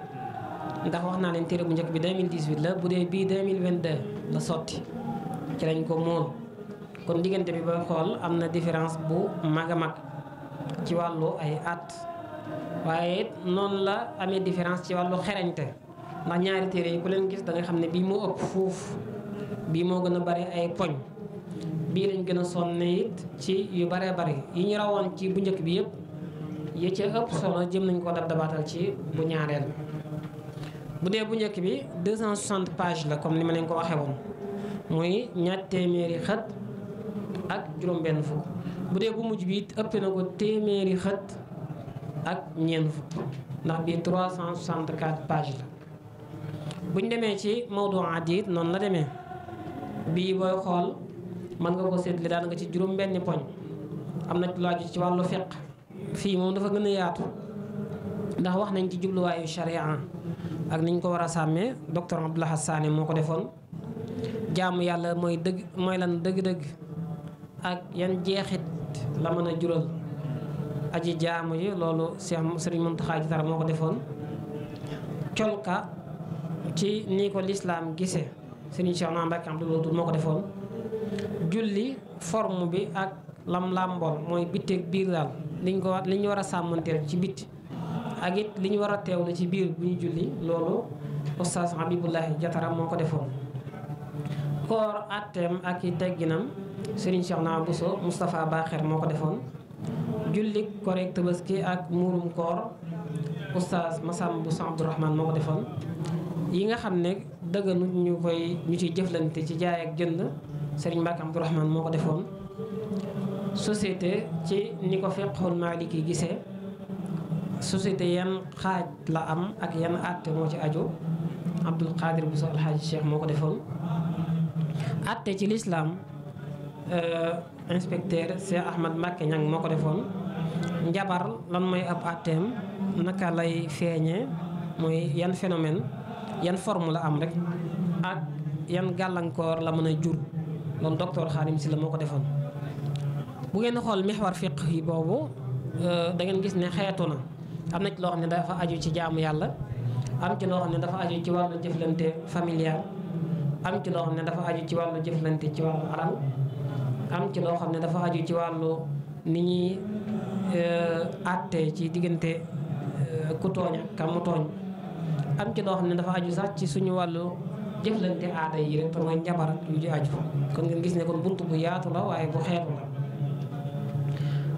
ndax wax naa leen téere bu njëkk bi 2018 la bu dee bii 2022 la sotti ci lañ ko mool kon diggante bi ba xool am na différence bu mag a mag ci wàllu ay at waaye noonu la amee différence ci wàllu xerañte ndax ñaari téere yi ku leen gis da nga xam ne bii moo ëpp fuuf bii moo gën a bari ay poñ bii lañ gën a sonne it ci yu baree bari yi ñu rawoon ci bu njëkk bi yëpp yi ca ëpp solo jëm nañ ko dab dabaatal ci bu ñaareel bu dee bu njëkk bi 260 page la comme ni ma leen ko waxee woon muy ñaar téeméeri xët ak juróom-benn fukk bu dee bu mujj bi ëpp na ko téeméeri xët ak ñeent fukk ndax bii 364 page la buñ demee ci Maodo Adi it noonu la demee bii booy xool mën nga ko li daan nga ci juróom-benni poñ am na laaju ci wàllu fiq fii moom dafa gën a yaatu ndax wax nañ ci jubluwaayu charia ak niñ ko war a sàmmee docteur Abdou Lahad Sané moo ko defoon jaamu yàlla mooy dëgg mooy lan dëgg-dëgg ak yan jeexit la mën a jural aji jaamu yi loolu Cheikh Serigne Mountakha Dara moo ko defoon colka ci nii ko lislaam gise Serigne Cheikh Naa Mbacke Abdou Lahad moo ko defoon julli form bi ak lam làmbool mooy bitteeg biir daal liñ ko liñ war a sàmmanteel ci bitti ak it li ñu war a teewlu ci biir bu ñu julli loolu oustaz Habibullahi Jatara moo ko defoon koor atteem ak i tegginam Serigne Cheikh na Bousso Moustapha Baxeer moo ko defoon julli korek tabaski ak muurum koor oustaz Massam Bousso Abdourahman moo ko defoon yi nga xam ne dëgganu ñu koy ñu ciy jëflante ci jaay ak jënd Serigne Mbacke Abdourahman moo ko defoon société ci ni ko li maliki gisee société yan xaaj la am ak yan àtte moo ci aju Abdul Qadir Bousso Alxaaji Cheikh moo ko defoon àtte ci lislaam euh, inspecteur Cheikh Ahmad Mbacke Ñang moo ko defoon njabar lan mooy ab àtteem naka lay feeñe mooy yan phénomène yan form la am rek ak yan gàllankoor la mën a jur loolu docteur Xaadim si la moo ko defoon bu ngeen xool mixwar fiq yi boobu euh, da gis ne xeetu na am na ci loo xam ne dafa aju ci jaamu yàlla am ci loo xam ne dafa aju ci wàllu jëflante familial am ci loo xam ne dafa aju ci wàllu jëflante ci wàllu ci loo xam ne dafa aju ci wàllu ni ñuy euh, àtte ci diggante euh, ku tooñ ak ka mu tooñ am ci loo xam ne dafa aju sax ci suñu wàllu jëflante aada yi rek te mooy njabar yu ci aju kon ngeen gis ne kon bunt bu yaatu la waaye bu xeetu la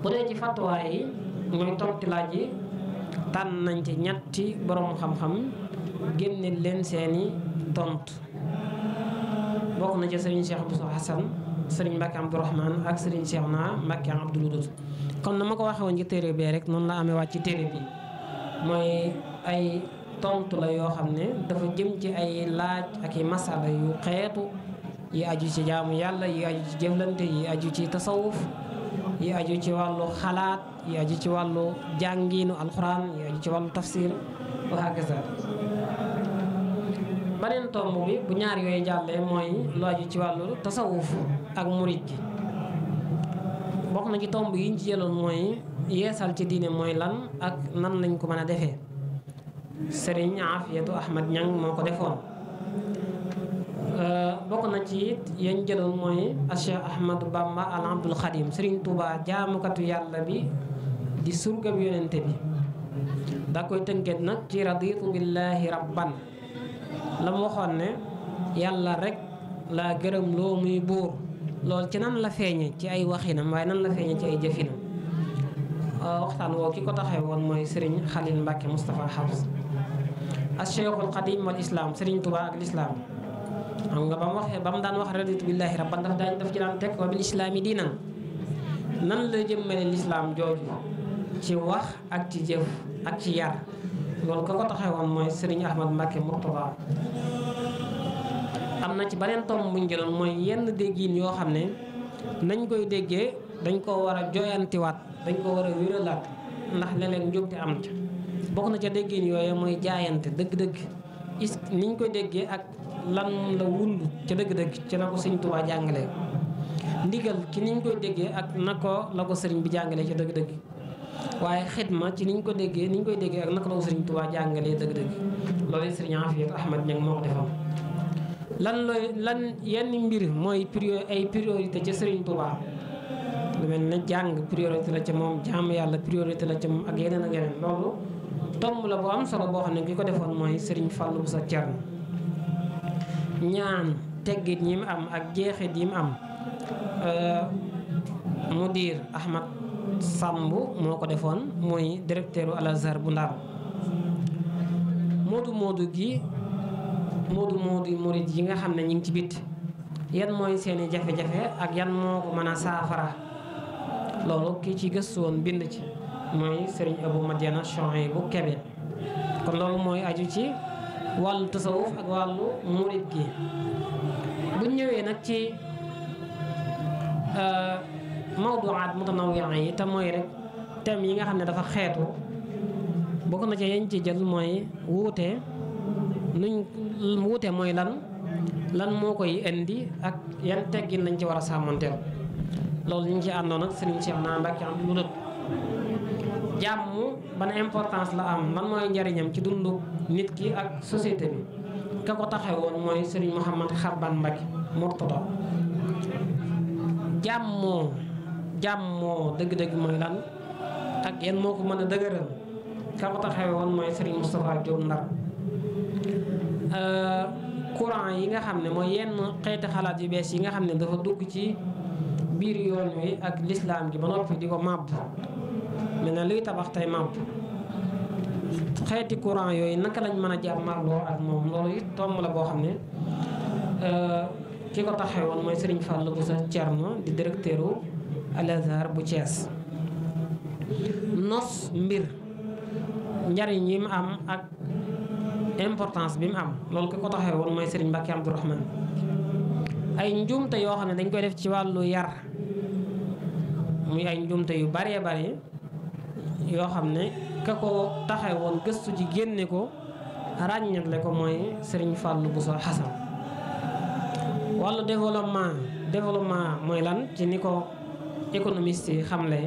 bu dee ci fattuwaay yi mooy tonti laaj yi tànn nañ ci ñetti borom xam-xam génne leen seeni tontu bokk na ci sëriñ Cheikh Bousso Hassan sëriñ Mbacke Abdourahmane ak sëriñ Cheikh naa Mbacke Abdoul Wadoud kon na ma ko waxee woon ci téere rek noonu la amee ci téere bi mooy ay tontu la yoo xam ne dafa jëm ci ay laaj ak i masala yu xeetu yi aju ci jaamu yàlla yi aju ci jëflante yi aju ci tasawuf yi aju ci wàllu xalaat yi aju ci wàllu jàngiinu alxuraan yi aju ci wàllu tafsir wa hakaza tomb bi bu ñaar yooyu jàllee mooy lu aju ci wàllu tasawuf ak murit ji bokk na ci tomb yi ñu ci jëloon mooy yeesal ci diine mooy lan ak nan lañ ko mën a defee sëriñ Afiyatu Ahmad Ñang moo ko defoon Euh, bokk na ci it yañ jëlal mooy Cheikh Ahmadou Bamba al Abdul Xadim Serigne Touba jaamukatu yàlla bi di surgab yonente bi da koy tënket nag ci raditu billahi rabban la mu waxoon ne yàlla rek la gërëm loo muy buur loolu ci nan la feeñe ci ay waxinam waaye nan la feeñe ci ay jëfinam euh, waxtaan woo ki ko taxee woon mooy sëriñ Khalil Mbacke Moustapha Habs as Cheikhul Xadim wal Islam Serigne Touba ak l'islam xam nga ba mu waxee ba mu daan wax raditu billahi rabban daf daañ daf ci daan teg wa bil islaami diinan nan la jëmmale lislaam jooju ci wax ak ci jëf ak ci yar loolu ka ko taxee mooy sëriñ ahmad mbàkke murtada am na ci beneen tom buñ jëloon mooy yenn déggiin yoo xam ne nañ koy déggee dañ ko war a joyantiwaat dañ ko war a wéralaat ndax leneen njuumte am ca bokk na ca déggiin yooyu mooy jaayante dëgg-dëgg is niñ koy déggee ak lan la wund ca dëgg-dëgg ci na ko jàngale ndigal ci niñ koy déggee ak na ko la ko sëriñ bi jàngalee ca dëgg-dëgg waaye xidma ci niñ ko déggee niñ koy déggee naka la ko sëriñ jàngalee dëgg-dëgg loolu sëriñ Afiyat Ahmad Ñang moo lan looy lan yenn mbir mooy prior ay priorité ca sëriñ Tuubaa lu mel ne jàng priorité la ca moom jaam yàlla priorité la ca moom ak yeneen ak yeneen loolu tomb la bu am solo boo xam ne ki ko defoon mooy sëriñ Fallou Moussa Thierno ñaan teggit yi mu am ak jeexit yi mu am euh, mudir Ahmad Samb moo ko defoon mooy directeur Al bu Ndar moodu moodu gi moodu moodu murid yi nga xam ne ñu ngi ci bit yan mooy seeni jafe-jafe ak yan moo ko mën a saafara loolu ki ci gëstu woon bind ci mooy Serigne Abou Madiana Chouaïbou Kébé kon loolu mooy aju ci wàllu tasawuf ak wàllu murit gi bu ñëwee nag ci euh, mawduwaat mutanawwi'a yi te mooy rek thème yi nga xam ne dafa xeetu bokk na ci yañ ci jël mooy wuute nuñ wuute mooy lan lan moo koy indi ak yan teggin lañ ci war a sàmmanteel loolu ñu ngi ci àndoon ak Serigne Cheikh naa Mbacke am lu jàmm ban importance la am lan mooy njariñam ci dundu nit ki ak société bi ka ko taxe woon mooy Serigne Mouhamad Xarban Mbacke Murtada jàmmoo jàmmoo dëgg-dëgg mooy lan ak yan moo ko mën a dëgëral ka ko taxe woon mooy Serigne Moustapha Diop Ndar euh, courant yi nga xam ne mooy yenn xeeti xalaat yu bees yi nga xam ne dafa dugg ci biir yoon wi ak lislaam gi ba noppi di ko màbb maintenant luy tabax tey màbb xeeti courant yooyu naka lañ mën a jàmmarloo ak moom loolu it tomb la boo xam ne euh, ki ko taxee woon mooy Serigne Fallou Boussa Thierno di directeur u Al Azhar bu Thiès nos mbir njariñ yi mu am ak importance bi mu am loolu ki ko taxee woon mooy Serigne Mbacke Abdourahmane ay njuumte yoo xam ne dañ koy def ci wàllu yar muy ay njuumte yu baree bare yoo xam ne ka ko taxe woon gëstu ci génne ko ràññatle ko mooy Serigne Fallou Bousso Hassan wàllu développement développement mooy lan ci ni ko économiste yi xamle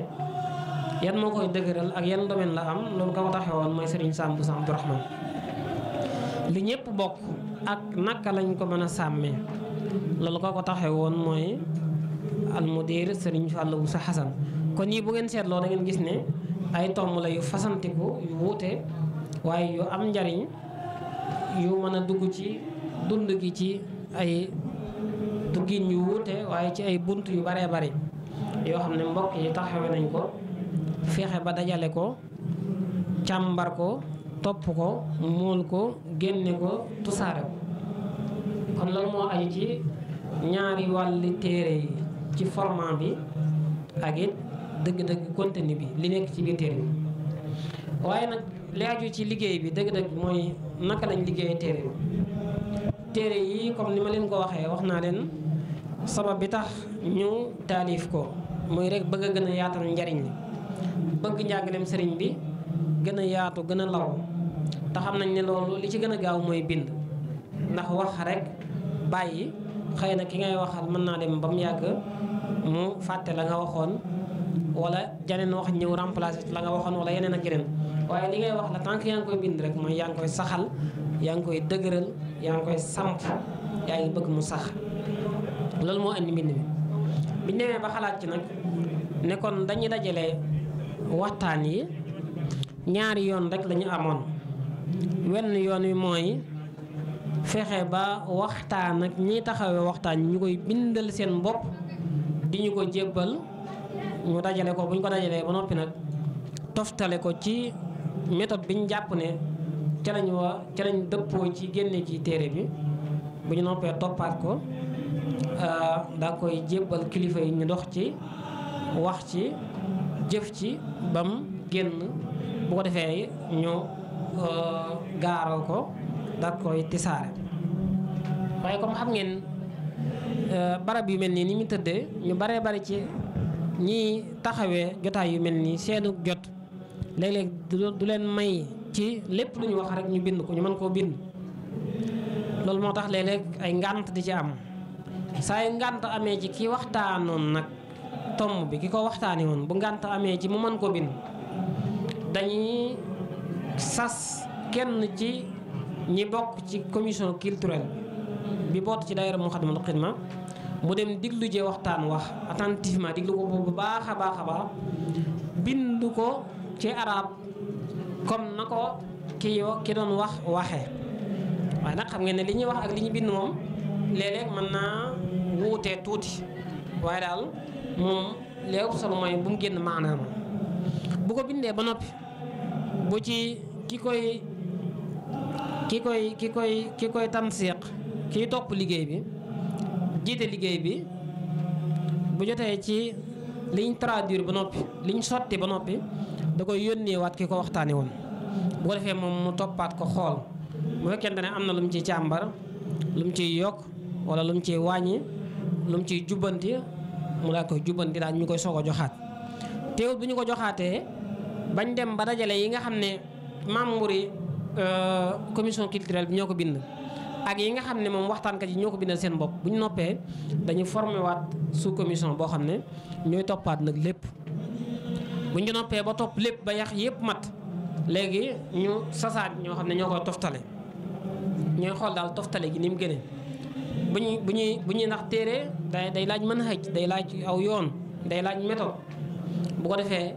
yan moo koy dëgëral ak yan domaine la am loolu ka ko taxe woon mooy Serigne Sam Bousso Abdourahmane li ñëpp bokk ak naka lañ ko mën a sàmmee loolu ko ko taxe woon mooy almudir Serigne Fallou Bousso Hassan kon yii bu ngeen seetloo da gis ne ay tomb la yu fasantiku yu wuute waaye yu am njariñ yu mën a dugg ci dund gi ci ay duggin yu wuute waaye ci ay bunt yu baree bari yoo xam ne mbokk yi taxawe nañ ko fexe ba dajale ko càmbar ko topp ko muul ko génne ko tusaare ko kon loolu moo aju ci ñaari wàlli téere yi ci format bi ak it dëgg-dëgg contenu bi li nekk ci biir téere bi waaye nag li aju ci liggéey bi dëgg-dëgg mooy naka lañ liggéey téere bi téere yi comme ni ma leen ko waxee wax naa leen sabab bi tax ñu taalif ko mooy rek bëgg a gën a yaatal njariñ li bëgg njàngaleem sëriñ bi gën a yaatu gën a law te xam nañ ne loolu li ci gën a gaaw mooy bind ndax wax rek bàyyi xëy na ki ngay waxal mën naa dem ba mu yàgg mu fàtte la nga waxoon wala janeen wax ñëw remplacé la nga waxoon wala yeneen ak yeneen waaye li ngay wax la tànk que yaa ngi koy bind rek mooy yaa ngi koy saxal yaa ngi koy dëgëral yaa ngi koy samp yaa ngi bëgg mu sax loolu moo andi mbind mi biñ ba xalaat ci nag ne kon dañuy dajale waxtaan yi ñaari yoon rek lañu amoon wenn yoon wi mooy fexe ba waxtaan ak ñiy taxawee waxtaan ñu koy bindal seen bopp di ñu ko jébbal ñu dajale ko bu ñu ko dajalee ba noppi nag toftale ko ci méthode bi ñu jàpp ne ca lañ wa ci génne ci téere bi bu ñu noppee toppaat ko euh, daa koy jébbal kilifa yi ñu dox ci wax ci jëf ci bam génn bu ko defee ñu euh, gaaral ko daa koy tisaare waaye comme xam ngeen euh, barab yu mel nii ni mu tëddee ñu baree bari ci ñii taxawee jotaay yu mel nii seenu jot léeg-léeg du leen may ci lépp lu ñu wax rek ñu bind ko ñu mën koo bind loolu moo tax léeg ay ngànt di ci am saa ngànt amee ci ki waxtaanoon nag tomb bi ki ko waxtaanee woon bu ngànt amee ci mu mën koo bind dañuy sas kenn ci ñi bokk ci commission culturelle bi boot ci daayira Moukhaddamatoul Khidma mu dem diglu jee waxtaan wax attentivement diglu ko bu baax a baax a baax bind ko ci araab comme na ko ki yo ki doon wax waxe waaye nag xam nga ne li ñuy wax ak li ñu bind moom léeg mën naa wuutee tuuti waaye daal moom léegi ko solo bu mu génn maanaama bu ko bindee ba noppi bu ci ki koy ki koy ki koy ki koy tansiq kiy topp liggéey bi jiite liggéey bi bu jotee ci liñ traduire ba noppi liñ sotti ba noppi da koy yónnee waat ki ko waxtaanee woon bu ko defee moom mu toppaat ko xool bu fekkente ne am na lu mu ciy càmbar lu mu ciy yokk wala lu mu ciy wàññi lu ciy jubbanti mu daal koy jubbanti daal ñu koy soog a joxaat teewul bu ñu ko joxaatee bañ dem ba dajale yi nga xam ne membre yi euh, commission culturelle bi ñoo ko bind. ak yi nga xam ne moom waxtaankat yi ñoo ko bindal seen bopp bu ñu noppee dañu formé waat sous commission boo xam ne ñooy toppaat nag lépp bu ñu noppee ba topp lépp ba yax yëpp mat léegi ñu sasaat ñoo xam ne ñoo koy toftale ñooy xool daal toftale gi ni mu gënee bu ñuy bu ñuy bu ñuy ndax téere day day laaj mën a xëj day laaj aw yoon day laaj méthode bu ko defee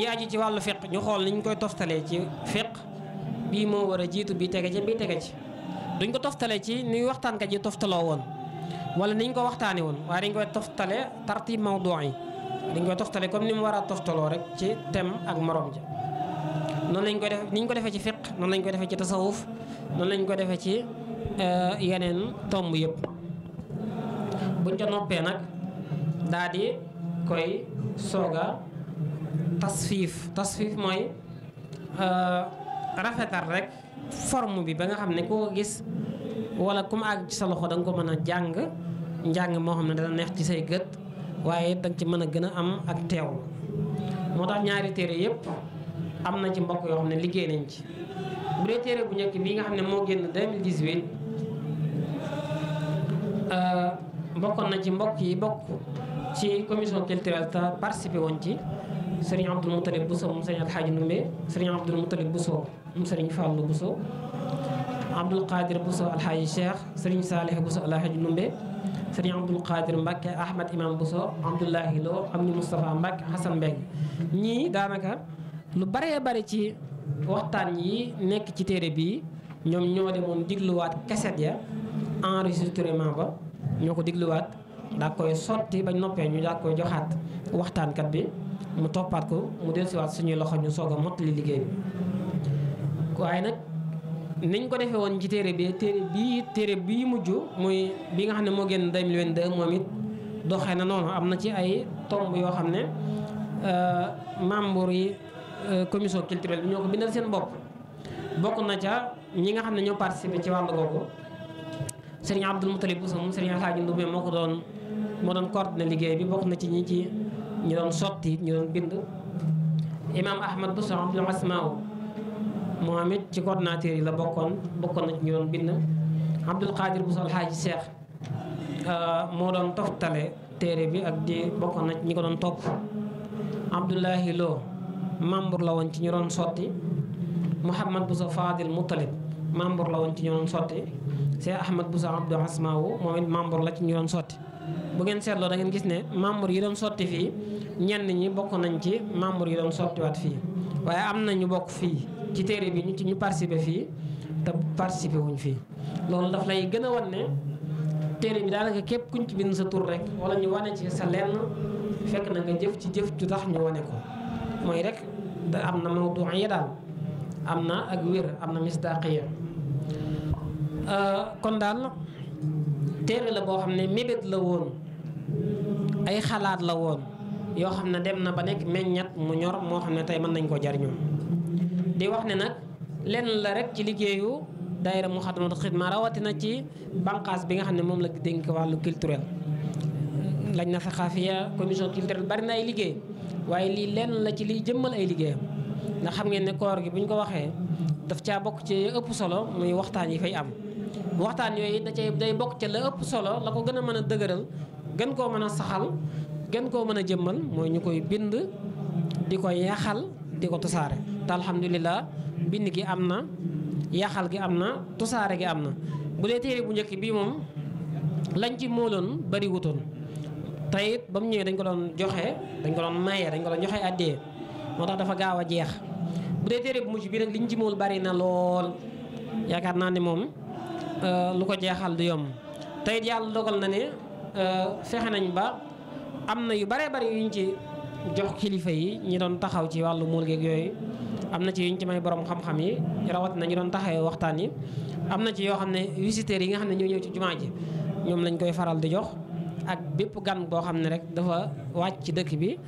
yaay yi ci wàllu fiq ñu xool ni ñu koy toftalee ci fiq bii moo war a jiitu bii tege ci bii tege ci duñ ko toftale ci ni waxtaankat yi toftaloo woon wala niñ ko waxtaanee woon waaye dañ koy toftale tartib mawduu yi dañ koy toftale comme ni mu war a toftaloo rek ci thème ak moroom ja noonu lañ koy def niñ ko defee ci fiq noonu lañ koy defee ci tasawuf noonu lañ ko defee ci eh, yeneen tomb yëpp buñ ca noppee nag daa di koy sooga tasfiif tasfiif mooy eh, rafetal rek forme bi ba nga xam ne koo ko gis wala ku àgg ci sa loxo danga ko mën a jàng njàng moo xam ne dana neex ci say gët waaye danga ci mën a gën a am ak teew moo tax ñaari téere yëpp am na ci mbokk yoo xam ne liggéey nañ ci bu dee téere bu njëkk bii nga xam ne moo génn 2018 euh, bokkoon na ci mbokk yi bokk ci commission culturelle te participé woon ci sëriñ Abdul bu Bousso moom sëriñ Alxaaji Numbe sëriñ Abdul Moutalib Bousso moom sëriñ Fallou Bousso Abdul Qadir Bousso Alxaaji Cheikh sëriñ Saalih Bousso Alxaaji Numbe sëriñ Abdul Qadir Mbacke Ahmad Imam Bousso Abdullahi Lo Amdi Moustapha Mbacke Xasan Mbeng ñii daanaka lu baree bare ci waxtaan yi nekk ci téere bii ñoom ñoo demoon digluwaat keset ya enregistrement ba ñoo ko digluwaat daa koy sotti ba noppee ñu daa koy joxaat waxtaankat bi mu toppaat ko mu dellusiwaat suñuy loxo ñu soog a mottali liggéey bi waaye nag niñ ko defee woon ci téere bi téere bii téere bii mujj muy bi nga xam ne moo génn 2022 moom it doxee na noonu am na ci ay tomb yoo xam ne euh, membre yi euh, commission culturelle bi ñoo ko bindal seen bopp bokk na ca ñi nga xam ne ñoo participé ci wàll googu sëriñ Abdul Mutalib Bousso moom sëriñ Alaaji Ndumbe moo ko doon moo doon coordonné liggéey bi bokk na ci ñi ci ñu doon sotti ñu doon bind imaam ahmad bu soxam lu asmaaw moom it ci coordinateur yi la bokkoon bokkoon na ci ñu doon bind abdul qadir bu soxal xaaji seex euh, moo doon toftale téere bi ak di bokkoon na ñi ko doon topp abdullahi loo membre la woon ci ñu doon sotti muhammad bu sa fadil muttalib membre la woon ci ñu doon sotti seex ahmad bu soxam abdul asmaaw moom it membre la ci ñu doon sotti bu ngeen seetloo da ngeen gis ne membre yi doon sotti fii ñenn ñi bokk nañ ci membre yi doon sottiwaat fii waaye am na ñu bokk fii ci téere bi ñu ci ñu participer fii te participer wuñ fii loolu daf lay gën a wan ne téere bi daanaka képp kuñ ci bind sa tur rek wala ñu wane ci sa lenn fekk na nga jëf ci jëf ju tax ñu wane ko mooy rek da am na mawduuya daal am na ak wér am na misdaaqiya euh, kon daal téere la boo xam ne mébét la woon ay xalaat la woon yoo xam ne dem na ba nekk meññat mu ñor moo xam ne tey mën nañ ko jariñoo di wax ne nag lenn la rek ci liggéeyu daayira Moukhaddamatoul Khidma rawatina ci banqaas bi nga xam ne moom la dénk wàllu culturel lañ na saxaafiya commission culturelle bari na ay liggéey waaye lii lenn la ci liy jëmmal ay liggéeyam ndax xam ngeen ne koor gi bu ñu ko waxee daf caa bokk ci ëpp solo muy waxtaan yi fay am waxtaan yooyu da cay day bokk ca la ëpp solo la ko gën a mën a dëgëral gën koo mën a saxal gën koo mën a jëmmal mooy ñu koy bind di ko yaxal di ko tusaare te alhamdulilah bind gi am na yaxal gi am na tusaare gi am na bu dee téere bu njëkk bii moom lañ ci mooloon bari wutoon tey it ba mu ñëwee dañ ko doon joxe dañ ko doon maye dañ ko doon joxe àddee moo tax dafa gaaw a jeex bu dee téere bu mujj bi nag liñ ci mool bari na lool yaakaar naa ni moom Euh, lu ko jeexal du yomb tey it yàlla dogal na ne euh, fexe nañ ba am na yu bare bare yuñ ci jox kilifa yi ñi doon taxaw ci wàllu muul geeg yooyu am na ci yuñ ci may boroom xam-xam yi rawat na ñu doon taxawee waxtaan yi am na ci yoo xam ne visiteurs yi nga xam ne ñoo ñëw ci jumaa ji ñoom lañ koy faral di jox ak bépp gan boo xam ne rek dafa wàcc ci dëkk bi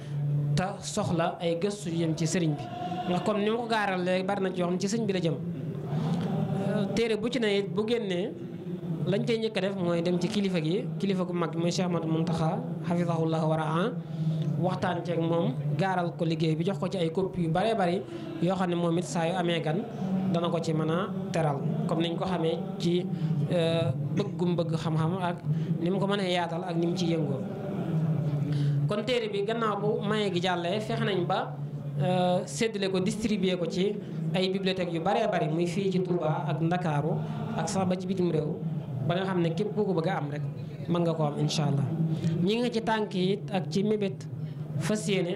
te soxla ay gëstu yu jëm ci sëriñ bi ndax comme ni ma ko gaaral léegi bari na ci yoo xam ne ci sëriñ bi la jëm téere bu ci ne it bu génnee lañ cey njëkk a def mooy dem ci kilifa gi kilifa gu mag ma Cheikh Ahmadou Mountakha hafizahullah wa raa waxtaan ceeg moom gaaral ko liggéey bi jox ko ci ay copie yu bëree bëri yoo xam ne moom it saa yu amee gan dana ko ci mën a teral comme niñ ko xamee ci euh, bëggum bëgg xam-xam ak ni mu ko mënee yaatal ak ni mu ci yëngoo kon téere bi gannaaw bu maye gi jàllee fexe nañ ba Euh, séddale ko distribuer ko ci ay bibliothèques yu baree bari muy fii ci Touba ak Ndakaaru ak sax ba ci bitim réew ba nga xam ne képp koo ko bëgg a am rek mën nga ko am incha allah ñi nga ci tànk it ak ci mébét fas yéene